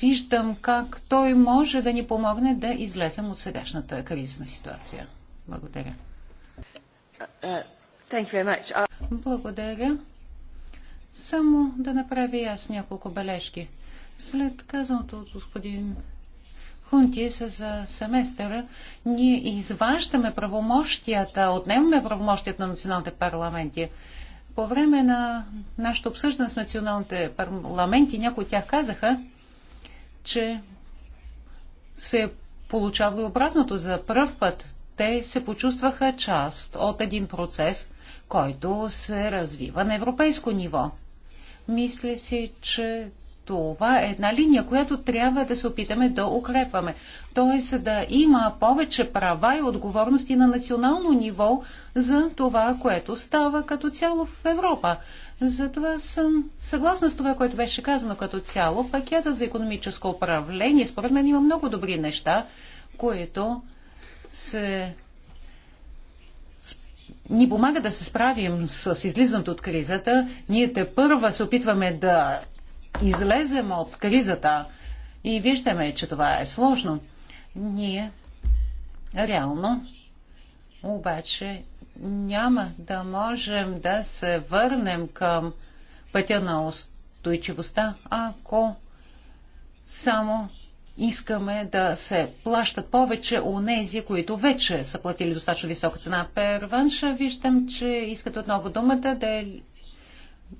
виждам как той може да ни помогне да излезем от сегашната кризисна ситуация. Благодаря. Uh, Благодаря. Само да направя аз няколко бележки. След казаното от господин Хунтис за семестъра, ние изваждаме правомощията, отнемаме правомощията на националните парламенти. По време на нашето обсъждане с националните парламенти, някои от тях казаха, че се е получавало обратното. За първ път те се почувстваха част от един процес, който се развива на европейско ниво. Мисля си, че това е една линия, която трябва да се опитаме да укрепваме. Тоест да има повече права и отговорности на национално ниво за това, което става като цяло в Европа. Затова съм съгласна с това, което беше казано като цяло. Пакета за економическо управление, според мен, има много добри неща, които се ни помага да се справим с излизането от кризата. Ние те първа се опитваме да излезем от кризата и виждаме, че това е сложно, ние реално обаче няма да можем да се върнем към пътя на устойчивостта, ако само искаме да се плащат повече у нези, които вече са платили достатъчно висока цена. Перванша, виждам, че искат отново думата. да.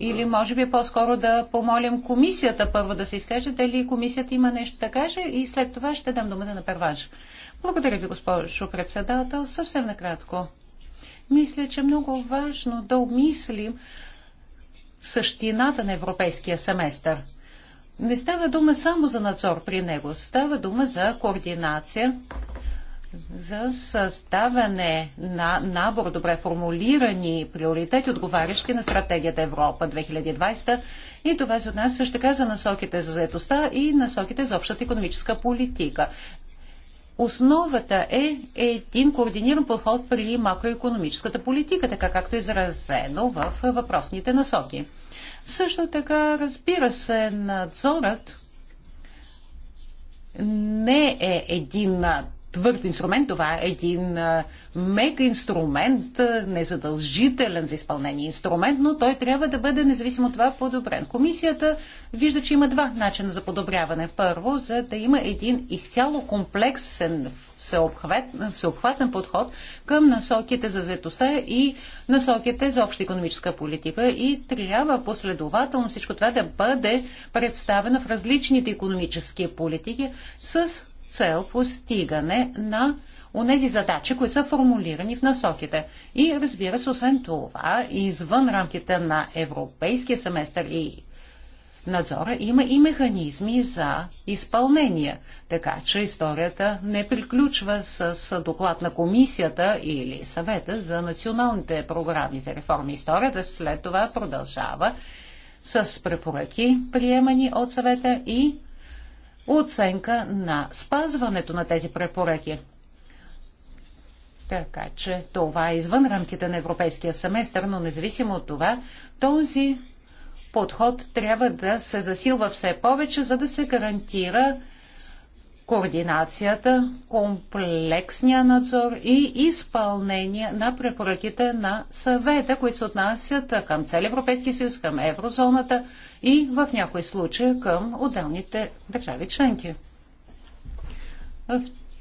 Или може би е по-скоро да помолим комисията първо да се изкаже, дали комисията има нещо да каже и след това ще дам думата на перванш. Благодаря ви, госпожо председател. Съвсем накратко. Мисля, че е много важно да обмислим същината на европейския семестър. Не става дума само за надзор при него, става дума за координация за съставяне на набор добре формулирани приоритети, отговарящи на стратегията Европа 2020. И това се отнася също така за насоките за заедостта и насоките за общата економическа политика. Основата е един координиран подход при макроекономическата политика, така както е изразено в въпросните насоки. Също така, разбира се, надзорът не е един твърд инструмент, това е един мек инструмент, незадължителен за изпълнение инструмент, но той трябва да бъде независимо от това подобрен. Комисията вижда, че има два начина за подобряване. Първо, за да има един изцяло комплексен всеобхватен подход към насоките за заедостта и насоките за обща економическа политика и трябва последователно всичко това да бъде представено в различните економически политики с цел постигане на онези задачи, които са формулирани в насоките. И разбира се, освен това, извън рамките на европейския семестър и надзора има и механизми за изпълнение. Така че историята не приключва с доклад на комисията или съвета за националните програми за реформи. Историята след това продължава с препоръки, приемани от съвета и оценка на спазването на тези препоръки. Така че това е извън рамките на европейския семестър, но независимо от това, този подход трябва да се засилва все повече, за да се гарантира координацията, комплексния надзор и изпълнение на препоръките на съвета, които се отнасят към цели Европейски съюз, към еврозоната, и в някои случаи към отделните държави членки.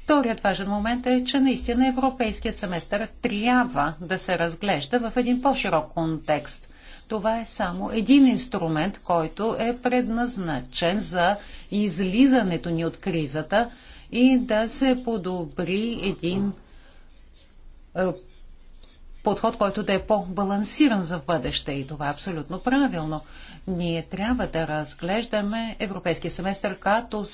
Вторият важен момент е, че наистина европейският семестър трябва да се разглежда в един по-широк контекст. Това е само един инструмент, който е предназначен за излизането ни от кризата и да се подобри един е, подход, който да е по-балансиран за бъдеще. И това е абсолютно правилно. Ние трябва да разглеждаме европейския семестър като,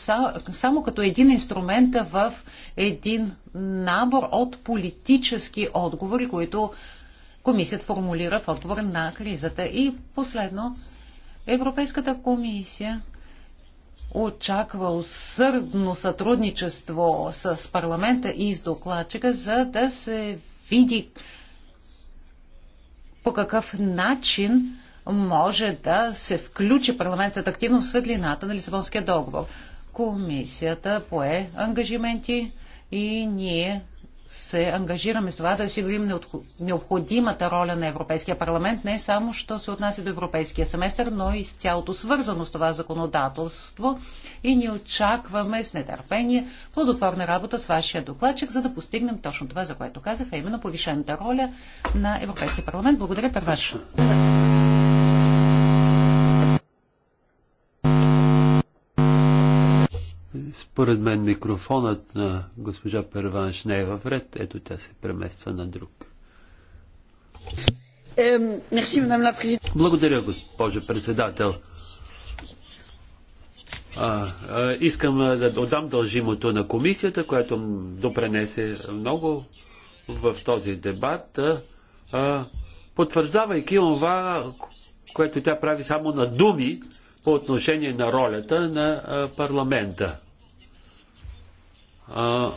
само като един инструмент в един набор от политически отговори, които комисията формулира в отговор на кризата. И последно, Европейската комисия очаква усърдно сътрудничество с парламента и с докладчика, за да се види по какъв начин може да се включи парламентът активно в светлината на Лисабонския договор. Комисията пое ангажименти и ние се ангажираме с това да осигурим необходимата роля на Европейския парламент, не само що се отнася до Европейския семестър, но и с цялото свързано с това законодателство. И ни очакваме с нетърпение плодотворна работа с вашия докладчик, за да постигнем точно това, за което казах, а именно повишената роля на Европейския парламент. Благодаря, Перваш. Според мен микрофонът на госпожа Перванш не е в ред. Ето тя се премества на друг. Благодаря, госпожо председател. А, а, искам да отдам дължимото на комисията, която допренесе много в този дебат, а, потвърждавайки това, което тя прави само на думи по отношение на ролята на парламента. А,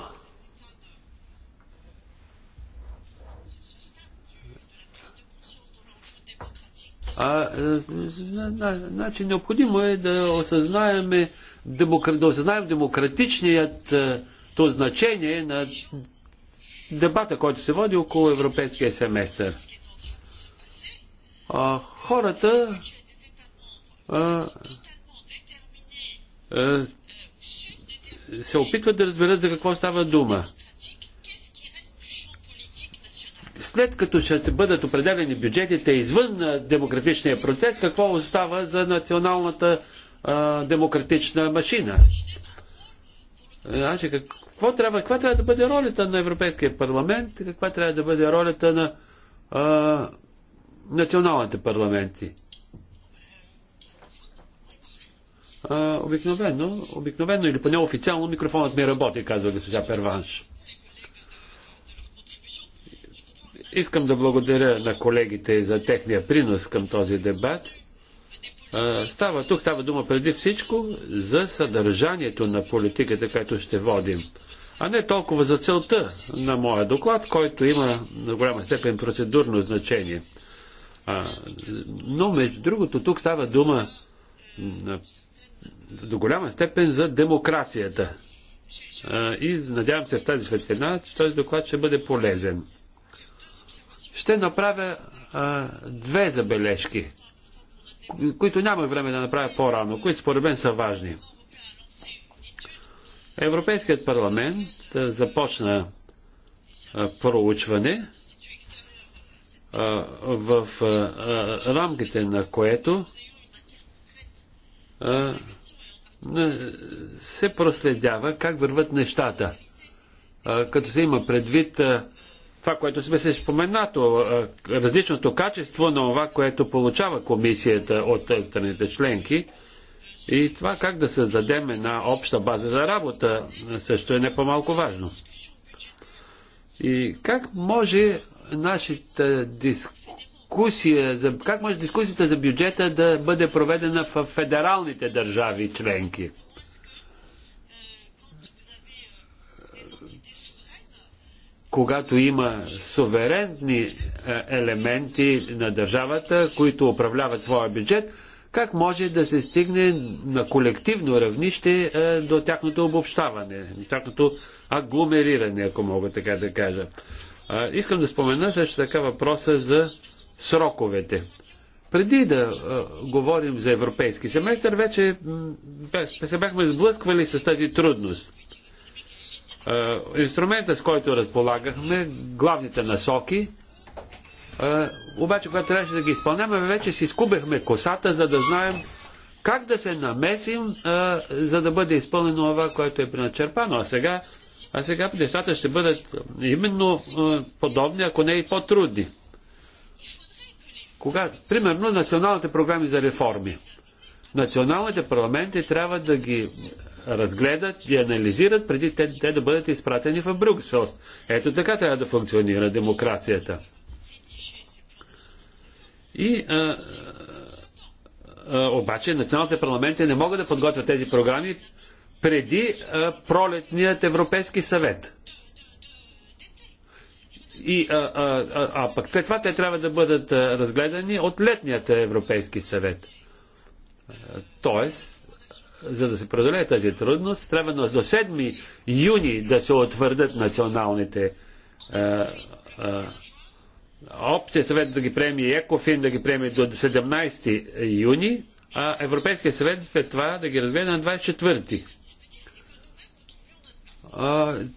а, е, значи необходимо е да осъзнаем, демокра... да осъзнаем демократичният е, то значение на дебата, който се води около европейския семестър. А, хората а, е, се опитват да разберат за какво става дума. След като ще бъдат определени бюджетите извън демократичния процес, какво остава за националната а, демократична машина? Значи, какво трябва, каква трябва да бъде ролята на Европейския парламент, каква трябва да бъде ролята на а, националните парламенти? Обикновено, обикновено или поне официално микрофонът ми работи, казва госпожа Перванш. Искам да благодаря на колегите за техния принос към този дебат. Става, тук става дума преди всичко за съдържанието на политиката, която ще водим, а не толкова за целта на моя доклад, който има на голяма степен процедурно значение. А, но, между другото, тук става дума на до голяма степен за демокрацията. И надявам се в тази светлина, че този доклад ще бъде полезен. Ще направя а, две забележки, които нямах време да направя по-рано, които според мен са важни. Европейският парламент започна проучване, в рамките на което е, се проследява как върват нещата. Като се има предвид това, което сме се споменато, различното качество на това, което получава комисията от страните членки и това как да създадем една обща база за работа също е не по-малко важно. И как може нашата дискусия дискусия, за, как може дискусията за бюджета да бъде проведена в федералните държави членки? Когато има суверенни е, елементи на държавата, които управляват своя бюджет, как може да се стигне на колективно равнище е, до тяхното обобщаване, тяхното агломериране, ако мога така да кажа. Е, искам да спомена също така въпроса за сроковете. Преди да а, говорим за европейски семестър, вече се бяхме сблъсквали с тази трудност. А, инструмента, с който разполагахме, главните насоки, а, обаче, когато трябваше да ги изпълняваме, вече си скубехме косата, за да знаем как да се намесим, а, за да бъде изпълнено това, което е преначерпано. А сега, а сега нещата ще бъдат именно а, подобни, ако не и по-трудни. Кога, примерно националните програми за реформи. Националните парламенти трябва да ги разгледат и анализират преди те, те да бъдат изпратени в Брюксел. Ето така трябва да функционира демокрацията. И а, а, обаче националните парламенти не могат да подготвят тези програми преди а, пролетният Европейски съвет. И, а, а, а, а пък след това те трябва да бъдат разгледани от летният Европейски съвет. Тоест, за да се преодолее тази трудност, трябва до 7 юни да се утвърдят националните а, а, Общия съвет да ги приеме Екофин, да ги приеме до 17 юни, а Европейския съвет след това да ги разгледа на 24.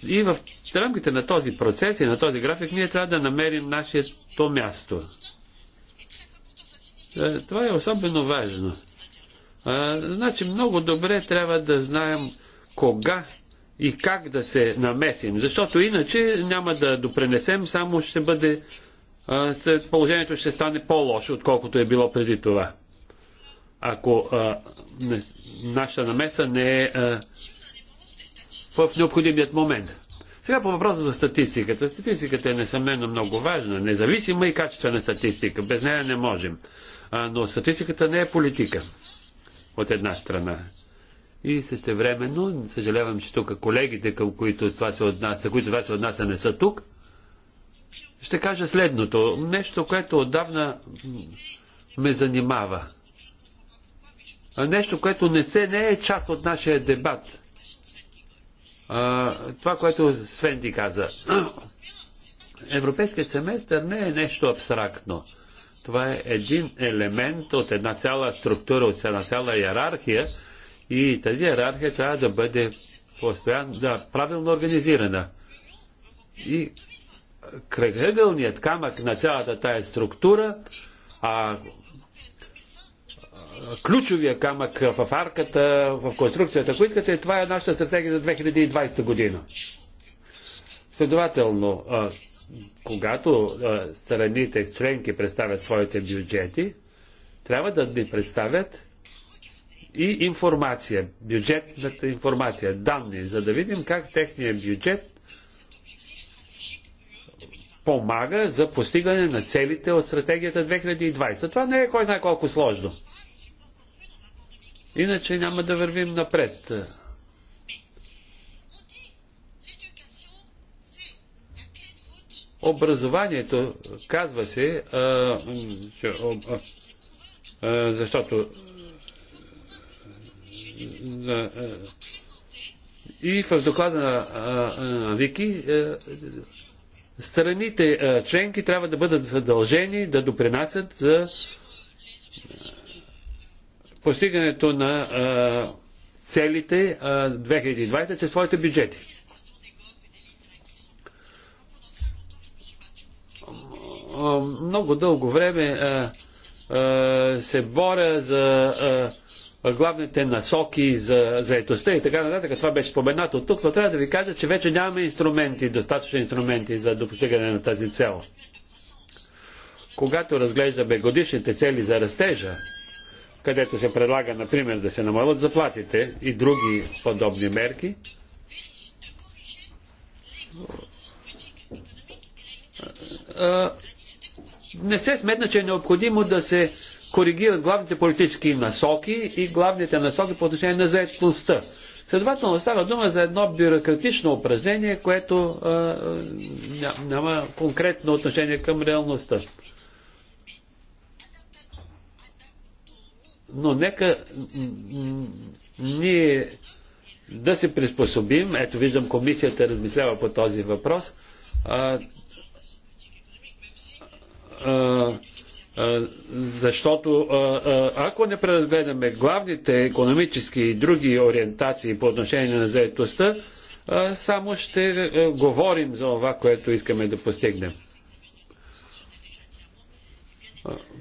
И в рамките на този процес и на този график ние трябва да намерим нашето място. Е, това е особено важно. Значи много добре трябва да знаем кога и как да се намесим, защото иначе няма да допренесем, само ще бъде положението ще стане по-лошо, отколкото е било преди това. Ако а, не, наша намеса не е а, в необходимият момент. Сега по въпроса за статистиката. Статистиката е несъмнено много важна, независима и качествена статистика. Без нея не можем. но статистиката не е политика от една страна. И същевременно, съжалявам, че тук колегите, към които това се отнася, които това се отнася, не са тук, ще кажа следното. Нещо, което отдавна ме занимава. Нещо, което не се не е част от нашия дебат. А, това, което Свен ти каза. Европейският семестър не е нещо абстрактно. Това е един елемент от една цяла структура, от една цяла иерархия и тази иерархия трябва да бъде постоянно, да, правилно организирана. И кръгъгълният камък на цялата тая структура, а ключовия камък в арката, в конструкцията, ако искате, това е нашата стратегия за 2020 година. Следователно, когато страните членки представят своите бюджети, трябва да ни представят и информация, бюджетната информация, данни, за да видим как техният бюджет помага за постигане на целите от стратегията 2020. Това не е кой знае колко сложно. Иначе няма да вървим напред. Образованието, казва се, защото и в доклада на Вики страните членки трябва да бъдат задължени да допринасят за постигането на а, целите а, 2020 чрез своите бюджети. Много дълго време а, а, се боря за а, главните насоки за заетостта и така нататък. Това беше споменато тук, но трябва да ви кажа, че вече нямаме инструменти, достатъчно инструменти за допостигане на тази цел. Когато разглеждаме годишните цели за растежа, където се предлага, например, да се намалят заплатите и други подобни мерки, не се сметна, че е необходимо да се коригират главните политически насоки и главните насоки по отношение на заедността. Следователно става дума за едно бюрократично упражнение, което а, няма конкретно отношение към реалността. Но нека ние да се приспособим, ето виждам комисията размислява по този въпрос, а, а, а, защото ако не преразгледаме главните економически и други ориентации по отношение на заедостта, само ще говорим за това, което искаме да постигнем.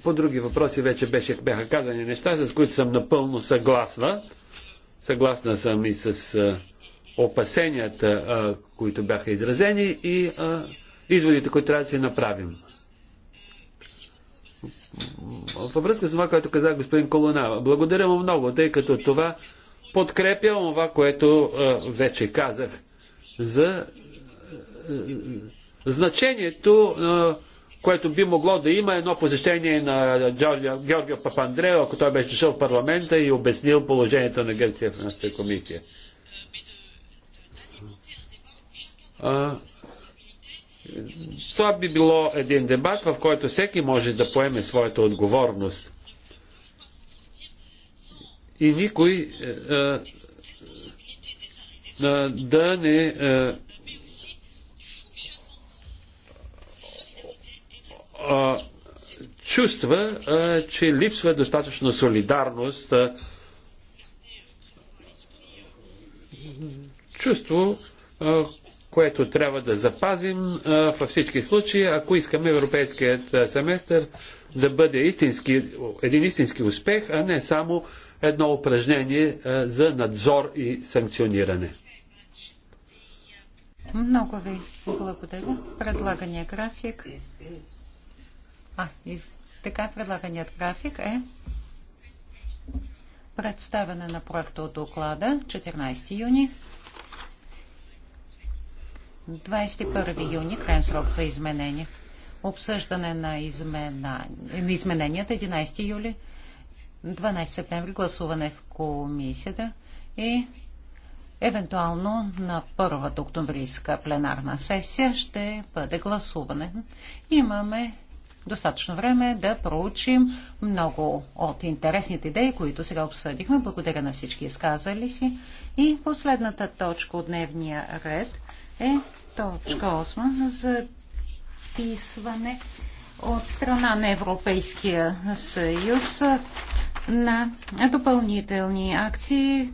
По други въпроси вече беше, бяха казани неща, с които съм напълно съгласна. Съгласна съм и с опасенията, които бяха изразени и изводите, които трябва да си направим. Във връзка с това, което каза господин Колонава, благодаря му много, тъй като това подкрепя това, което вече казах за значението което би могло да има едно посещение на Георгия, Папандрео, ако той беше дошъл в парламента и обяснил положението на Гърция в нашата комисия. А, това би било един дебат, в който всеки може да поеме своята отговорност. И никой е, е, а, да не а, е, чувства, че липсва достатъчно солидарност, чувство, което трябва да запазим във всички случаи, ако искаме европейският семестър да бъде истински, един истински успех, а не само едно упражнение за надзор и санкциониране. Много ви благодаря. Предлагания график а, из... така предлаганият график е представяне на проекта от доклада 14 юни, 21 юни, крайен срок за изменение, обсъждане на, измена... на измененията 11 юли, 12 септември гласуване в комисията и евентуално на първата октомврийска пленарна сесия ще бъде гласуване. Имаме достатъчно време да проучим много от интересните идеи, които сега обсъдихме. Благодаря на всички изказали си. И последната точка от дневния ред е точка 8 за писване от страна на Европейския съюз на допълнителни акции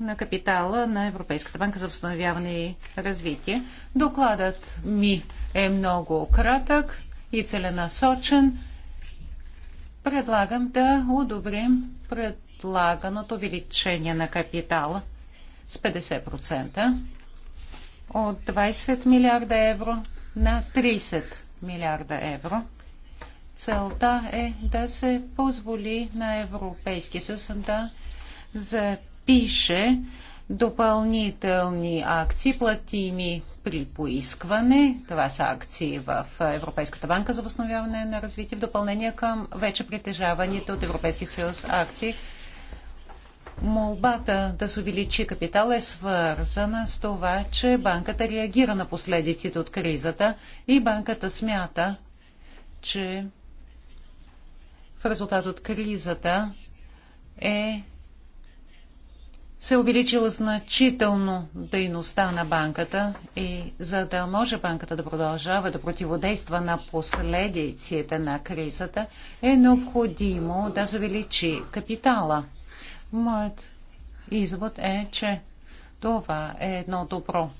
на капитала на Европейската банка за възстановяване и развитие. Докладът ми е много кратък и целенасочен, предлагам да одобрим предлаганото увеличение на капитала с 50% от 20 милиарда евро на 30 милиарда евро. Целта е да се позволи на Европейския съюз да запише допълнителни акции, платими при поискване. Това са акции в Европейската банка за възстановяване на развитие в допълнение към вече притежаваните от Европейски съюз акции. Молбата да се увеличи капитал е свързана с това, че банката реагира на последиците от кризата и банката смята, че в резултат от кризата е се увеличила значително дейността на банката и за да може банката да продължава да противодейства на последиците на кризата, е необходимо да се увеличи капитала. Моят извод е, че това е едно добро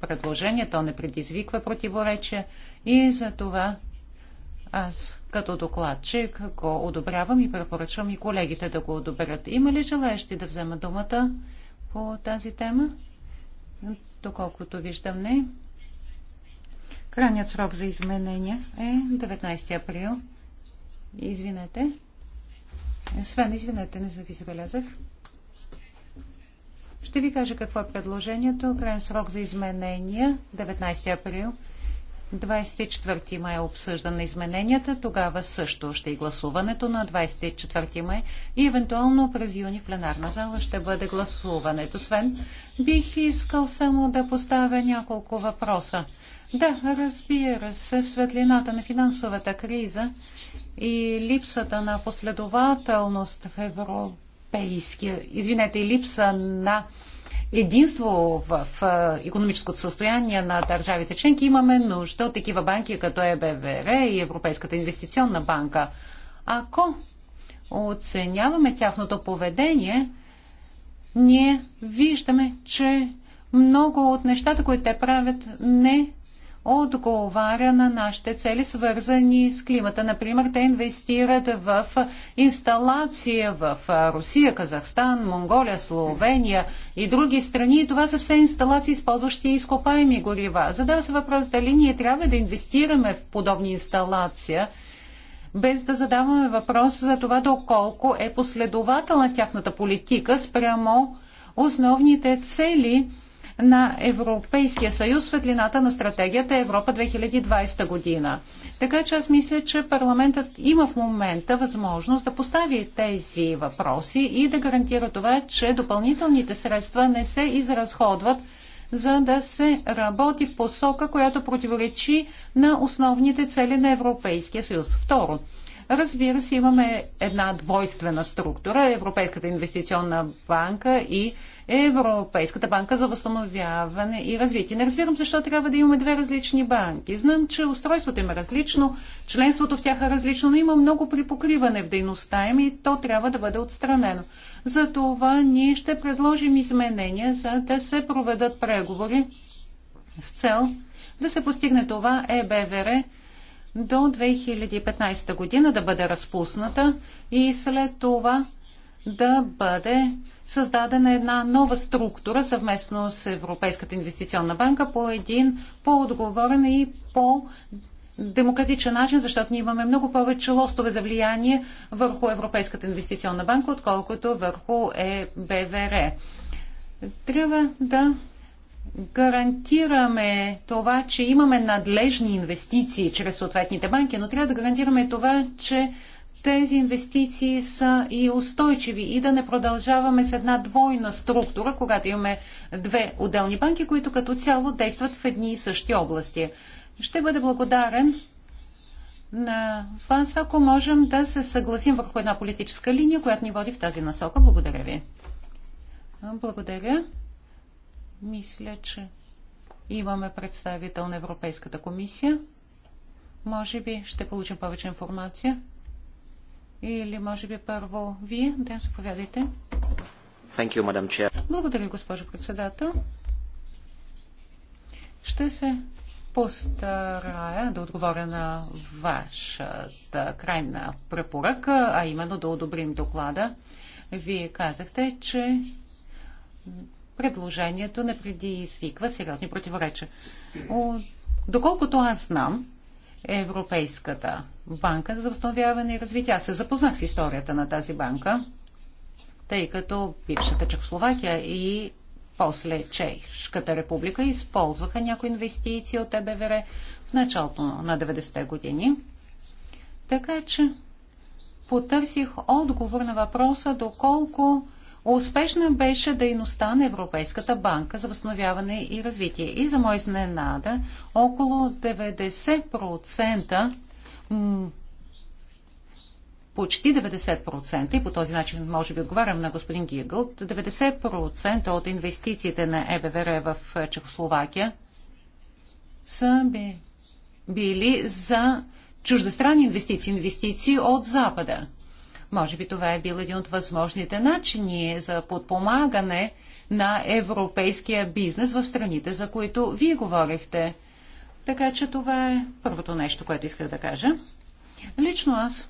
предложение, то не предизвиква противоречия и за това аз като докладчик го одобрявам и препоръчвам и колегите да го одобрят. Има ли желаящи да вземат думата по тази тема? Доколкото виждам не. Крайният срок за изменения е 19 април. Извинете. Свен, извинете, не ви забелязах. Ще ви кажа какво е предложението. Крайен срок за изменения 19 април 24 май е обсъждан на измененията, тогава също ще и гласуването на 24 май и евентуално през юни в пленарна зала ще бъде гласуването. Свен, бих искал само да поставя няколко въпроса. Да, разбира се, в светлината на финансовата криза и липсата на последователност в европейския, извинете, липса на единство в економическото състояние на държавите членки, имаме нужда от такива банки като ЕБВР и Европейската инвестиционна банка. Ако оценяваме тяхното поведение, ние виждаме, че много от нещата, които те правят, не отговаря на нашите цели, свързани с климата. Например, те инвестират в инсталация в Русия, Казахстан, Монголия, Словения и други страни. това са все инсталации, използващи изкопаеми горива. Задава се въпрос дали ние трябва да инвестираме в подобни инсталации, без да задаваме въпрос за това доколко е последователна тяхната политика спрямо основните цели – на Европейския съюз светлината на стратегията Европа 2020 година. Така че аз мисля, че парламентът има в момента възможност да постави тези въпроси и да гарантира това, че допълнителните средства не се изразходват за да се работи в посока, която противоречи на основните цели на Европейския съюз. Второ, Разбира се, имаме една двойствена структура Европейската инвестиционна банка и Европейската банка за възстановяване и развитие. Не разбирам защо трябва да имаме две различни банки. Знам, че устройството им е различно, членството в тях е различно, но има много припокриване в дейността им и то трябва да бъде отстранено. Затова ние ще предложим изменения, за да се проведат преговори с цел да се постигне това ЕБВР до 2015 година да бъде разпусната и след това да бъде създадена една нова структура съвместно с Европейската инвестиционна банка по един по-отговорен и по демократичен начин, защото ние имаме много повече лостове за влияние върху Европейската инвестиционна банка, отколкото върху ЕБВР. Трябва да гарантираме това, че имаме надлежни инвестиции чрез съответните банки, но трябва да гарантираме това, че тези инвестиции са и устойчиви и да не продължаваме с една двойна структура, когато имаме две отделни банки, които като цяло действат в едни и същи области. Ще бъде благодарен на вас, ако можем да се съгласим върху една политическа линия, която ни води в тази насока. Благодаря ви. Благодаря. Мисля, че имаме представител на Европейската комисия. Може би ще получим повече информация. Или може би първо вие да заповядайте. Thank you, Madam Chair. Благодаря, госпожо председател. Ще се постарая да отговоря на вашата крайна препоръка, а именно да одобрим доклада. Вие казахте, че предложението не предизвиква сериозни противоречия. Доколкото аз знам, Европейската банка за възстановяване и развитие. Аз се запознах с историята на тази банка, тъй като бившата Чехословакия и после Чешката република използваха някои инвестиции от ЕБВР в началото на 90-те години. Така че потърсих отговор на въпроса доколко Успешна беше дейността на Европейската банка за възстановяване и развитие. И за моя изненада, около 90% почти 90% и по този начин може би отговарям на господин Гигъл, 90% от инвестициите на ЕБВР в Чехословакия са били за чуждестранни инвестиции, инвестиции от Запада. Може би това е бил един от възможните начини за подпомагане на европейския бизнес в страните, за които вие говорихте. Така че това е първото нещо, което исках да кажа. Лично аз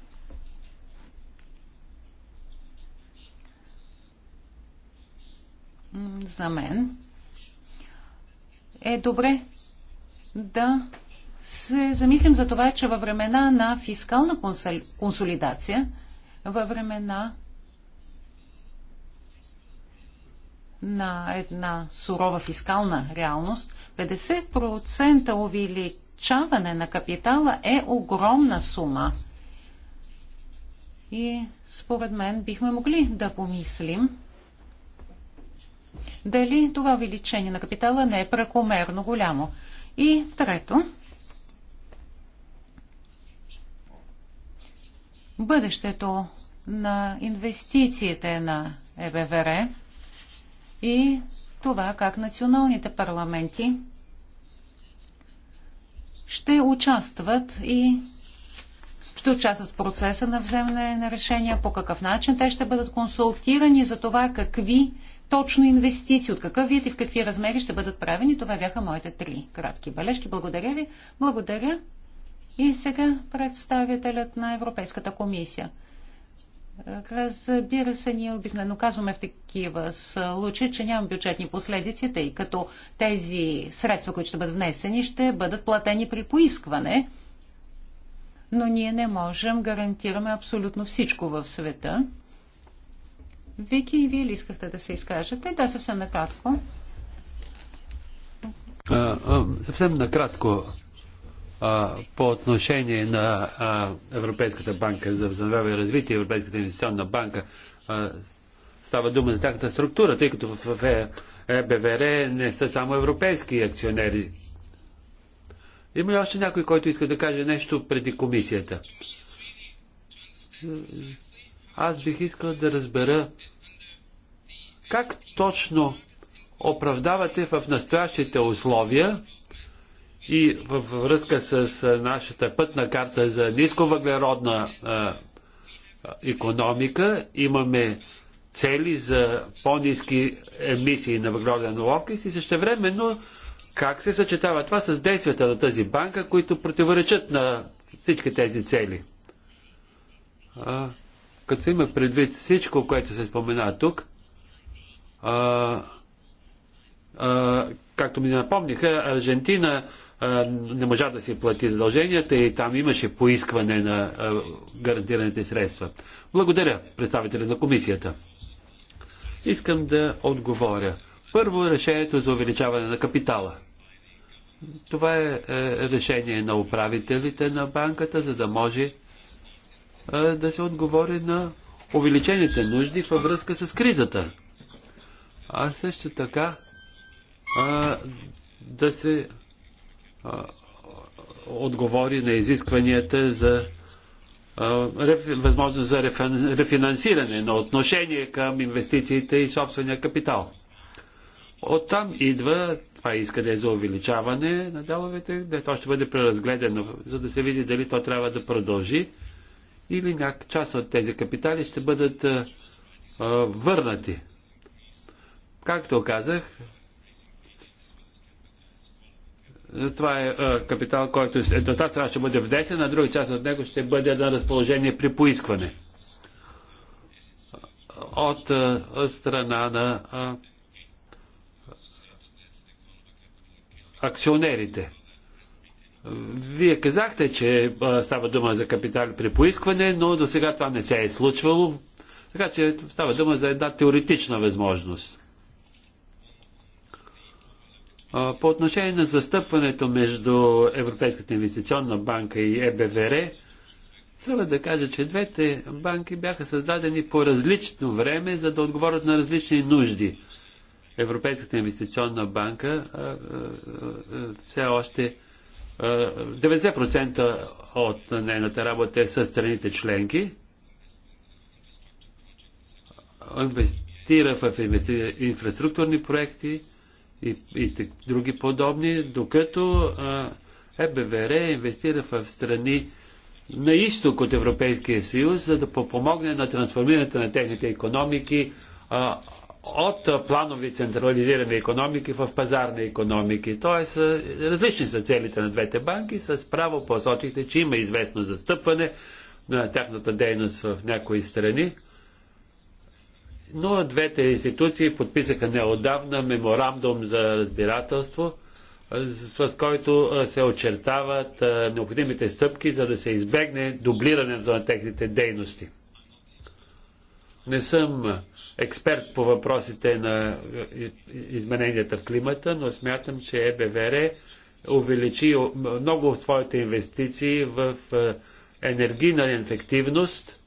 за мен е добре да се замислим за това, че във времена на фискална консолидация – във времена на една сурова фискална реалност, 50% увеличаване на капитала е огромна сума. И според мен бихме могли да помислим дали това увеличение на капитала не е прекомерно голямо. И трето, бъдещето на инвестициите на ЕБВР и това как националните парламенти ще участват и ще участват в процеса на вземане на решения, по какъв начин те ще бъдат консултирани за това какви точно инвестиции, от какъв вид и в какви размери ще бъдат правени. Това бяха моите три кратки бележки. Благодаря ви. Благодаря. И сега представителят на Европейската комисия. Разбира се, ние обикновено казваме в такива случаи, че няма бюджетни последици, тъй като тези средства, които ще бъдат внесени, ще бъдат платени при поискване. Но ние не можем гарантираме абсолютно всичко в света. Вики, и вие ли искахте да се изкажете? Да, съвсем накратко. А, а, съвсем накратко по отношение на Европейската банка за възстановяване и развитие, Европейската инвестиционна банка, става дума за тяхната структура, тъй като в е, ЕБВР не са само европейски акционери. Има ли още някой, който иска да каже нещо преди комисията? Аз бих искал да разбера как точно оправдавате в настоящите условия и във връзка с нашата пътна карта за нисковъглеродна економика имаме цели за по-низки емисии на въглероден двуокис и също времено как се съчетава това с действията на тази банка, които противоречат на всички тези цели. А, като има предвид всичко, което се спомена тук, а, а, както ми напомниха, Аржентина не можа да си плати задълженията и там имаше поискване на гарантираните средства. Благодаря, представители на комисията. Искам да отговоря. Първо, решението за увеличаване на капитала. Това е, е решение на управителите на банката, за да може да се отговори на увеличените нужди във връзка с кризата. А също така да се отговори на изискванията за възможност за рефинансиране на отношение към инвестициите и собствения капитал. Оттам идва това искане за увеличаване на деловете, да то ще бъде преразгледано, за да се види дали то трябва да продължи или някак част от тези капитали ще бъдат а, а, върнати. Както казах, това е капитал, който е, тази трябва да бъде внесен, а друга част от него ще бъде на разположение при поискване от страна на акционерите. Вие казахте, че става дума за капитал при поискване, но до сега това не се е случвало. Така че става дума за една теоретична възможност. По отношение на застъпването между Европейската инвестиционна банка и ЕБВР, трябва да кажа, че двете банки бяха създадени по различно време, за да отговорят на различни нужди. Европейската инвестиционна банка все още 90% от нейната работа е със страните членки. Инвестира в инфраструктурни проекти, и, и други подобни, докато ЕБВР инвестира в страни на изток от Европейския съюз, за да помогне на трансформирането на техните економики а, от планови централизирани економики в пазарни економики. Тоест, е, различни са целите на двете банки. С право посочихте, че има известно застъпване на тяхната дейност в някои страни. Но двете институции подписаха неодавна меморандум за разбирателство, с който се очертават необходимите стъпки, за да се избегне дублирането на техните дейности. Не съм експерт по въпросите на измененията в климата, но смятам, че ЕБВР увеличи много своите инвестиции в енергийна ефективност,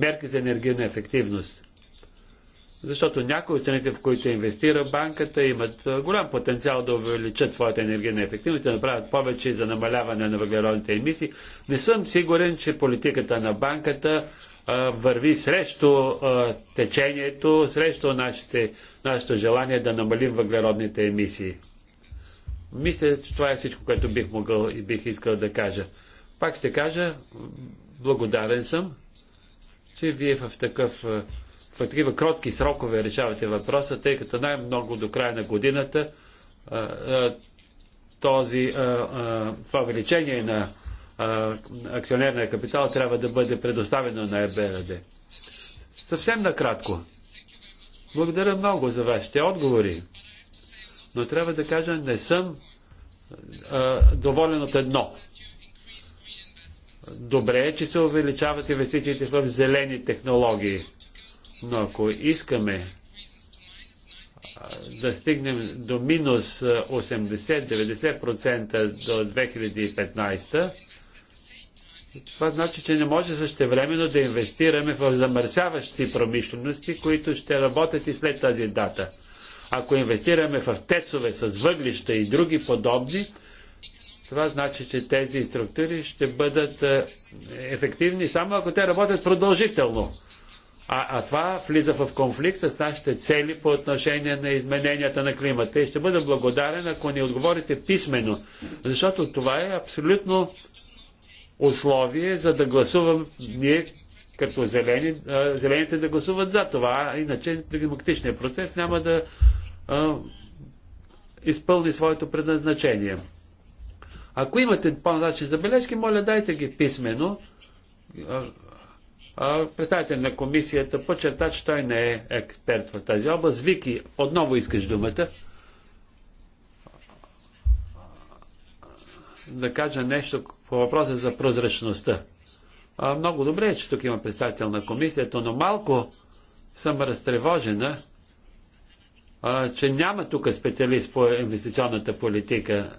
мерки за енергийна ефективност. Защото някои от страните, в които инвестира банката, имат голям потенциал да увеличат своята енергийна ефективност, да направят повече за намаляване на въглеродните емисии. Не съм сигурен, че политиката на банката а, върви срещу а, течението, срещу нашите, нашето желание да намалим въглеродните емисии. Мисля, че това е всичко, което бих могъл и бих искал да кажа. Пак ще кажа, благодарен съм, че вие в такъв в такива кротки срокове решавате въпроса, тъй като най-много до края на годината този, това увеличение на акционерния капитал трябва да бъде предоставено на ЕБРД. Съвсем накратко. Благодаря много за вашите отговори. Но трябва да кажа, не съм а, доволен от едно. Добре е, че се увеличават инвестициите в зелени технологии. Но ако искаме да стигнем до минус 80-90% до 2015, това значи, че не може същевременно да инвестираме в замърсяващи промишлености, които ще работят и след тази дата. Ако инвестираме в тецове с въглища и други подобни, това значи, че тези структури ще бъдат ефективни само ако те работят продължително. А, а това влиза в конфликт с нашите цели по отношение на измененията на климата. И ще бъда благодарен, ако ни отговорите писменно, защото това е абсолютно условие, за да гласувам ние като зелени, зелените да гласуват за това, а иначе демократичният процес няма да а, изпълни своето предназначение. Ако имате по назначни забележки, моля дайте ги писменно Представител на комисията подчерта, че той не е експерт в тази област. Вики, отново искаш думата. Да кажа нещо по въпроса за прозрачността. Много добре е, че тук има представител на комисията, но малко съм разтревожена, че няма тук специалист по инвестиционната политика.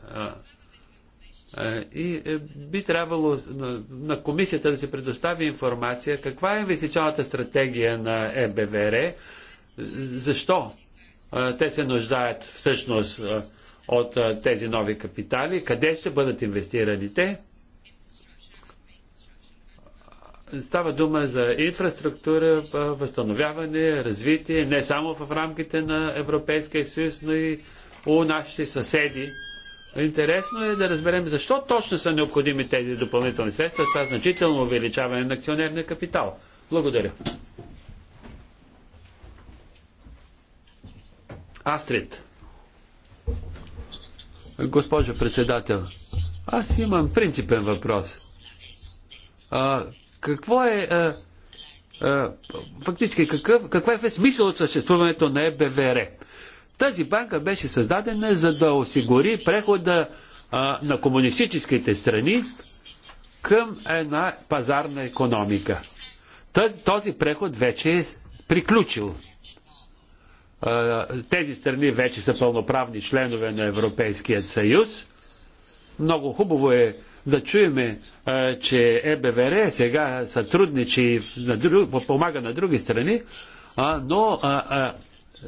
Е, и е, би трябвало на комисията да се предостави информация каква е инвестиционната стратегия на МБВР, защо е, те се нуждаят всъщност от тези нови капитали, къде ще бъдат инвестирани те. Става дума за инфраструктура, възстановяване, развитие, не само в рамките на Европейския съюз, но и у нашите съседи Интересно е да разберем защо точно са необходими тези допълнителни средства, това значително увеличаване на акционерния капитал. Благодаря. Астрид. Госпожо председател, аз имам принципен въпрос. А, какво е. А, а, фактически, какъв, какъв е смисъл от съществуването на ЕБВР? Тази банка беше създадена за да осигури прехода а, на комунистическите страни към една пазарна економика. Този, този преход вече е приключил. А, тези страни вече са пълноправни членове на Европейският съюз. Много хубаво е да чуеме, че ЕБВР сега сътрудничи, и помага на други страни, а, но а,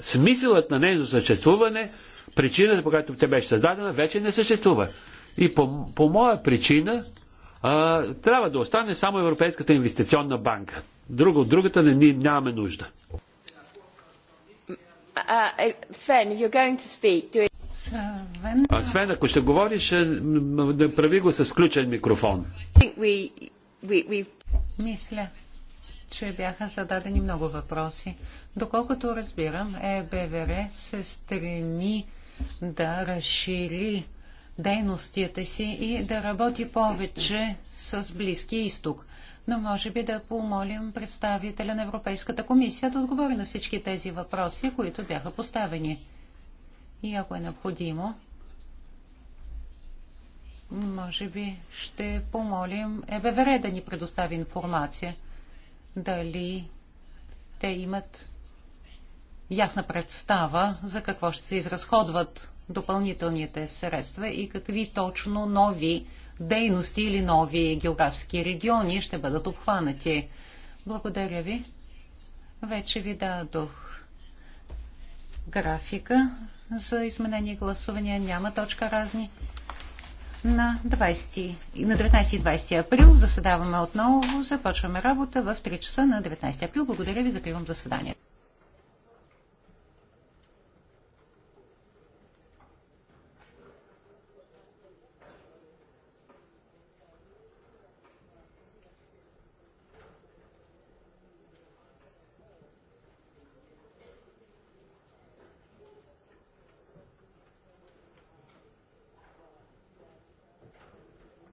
смисълът на нейното съществуване, причината, по която тя беше създадена, вече не съществува. И по, по моя причина а, трябва да остане само Европейската инвестиционна банка. Друго от другата не ни нямаме нужда. Uh, speak, do... Свен... А, Свен, ако ще говориш, е, да прави го с включен микрофон. We, we, Мисля, че бяха зададени много въпроси. Доколкото разбирам, ЕБВР се стреми да разшири дейностите си и да работи повече с Близки изток. Но може би да помолим представителя на Европейската комисия да отговори на всички тези въпроси, които бяха поставени. И ако е необходимо, може би ще помолим ЕБВР да ни предостави информация дали те имат ясна представа за какво ще се изразходват допълнителните средства и какви точно нови дейности или нови географски региони ще бъдат обхванати. Благодаря ви. Вече ви дадох графика за изменение и гласувания. Няма точка разни. На, 20, на 19 и 20 април заседаваме отново. Започваме работа в 3 часа на 19 април. Благодаря ви. Закривам заседанието.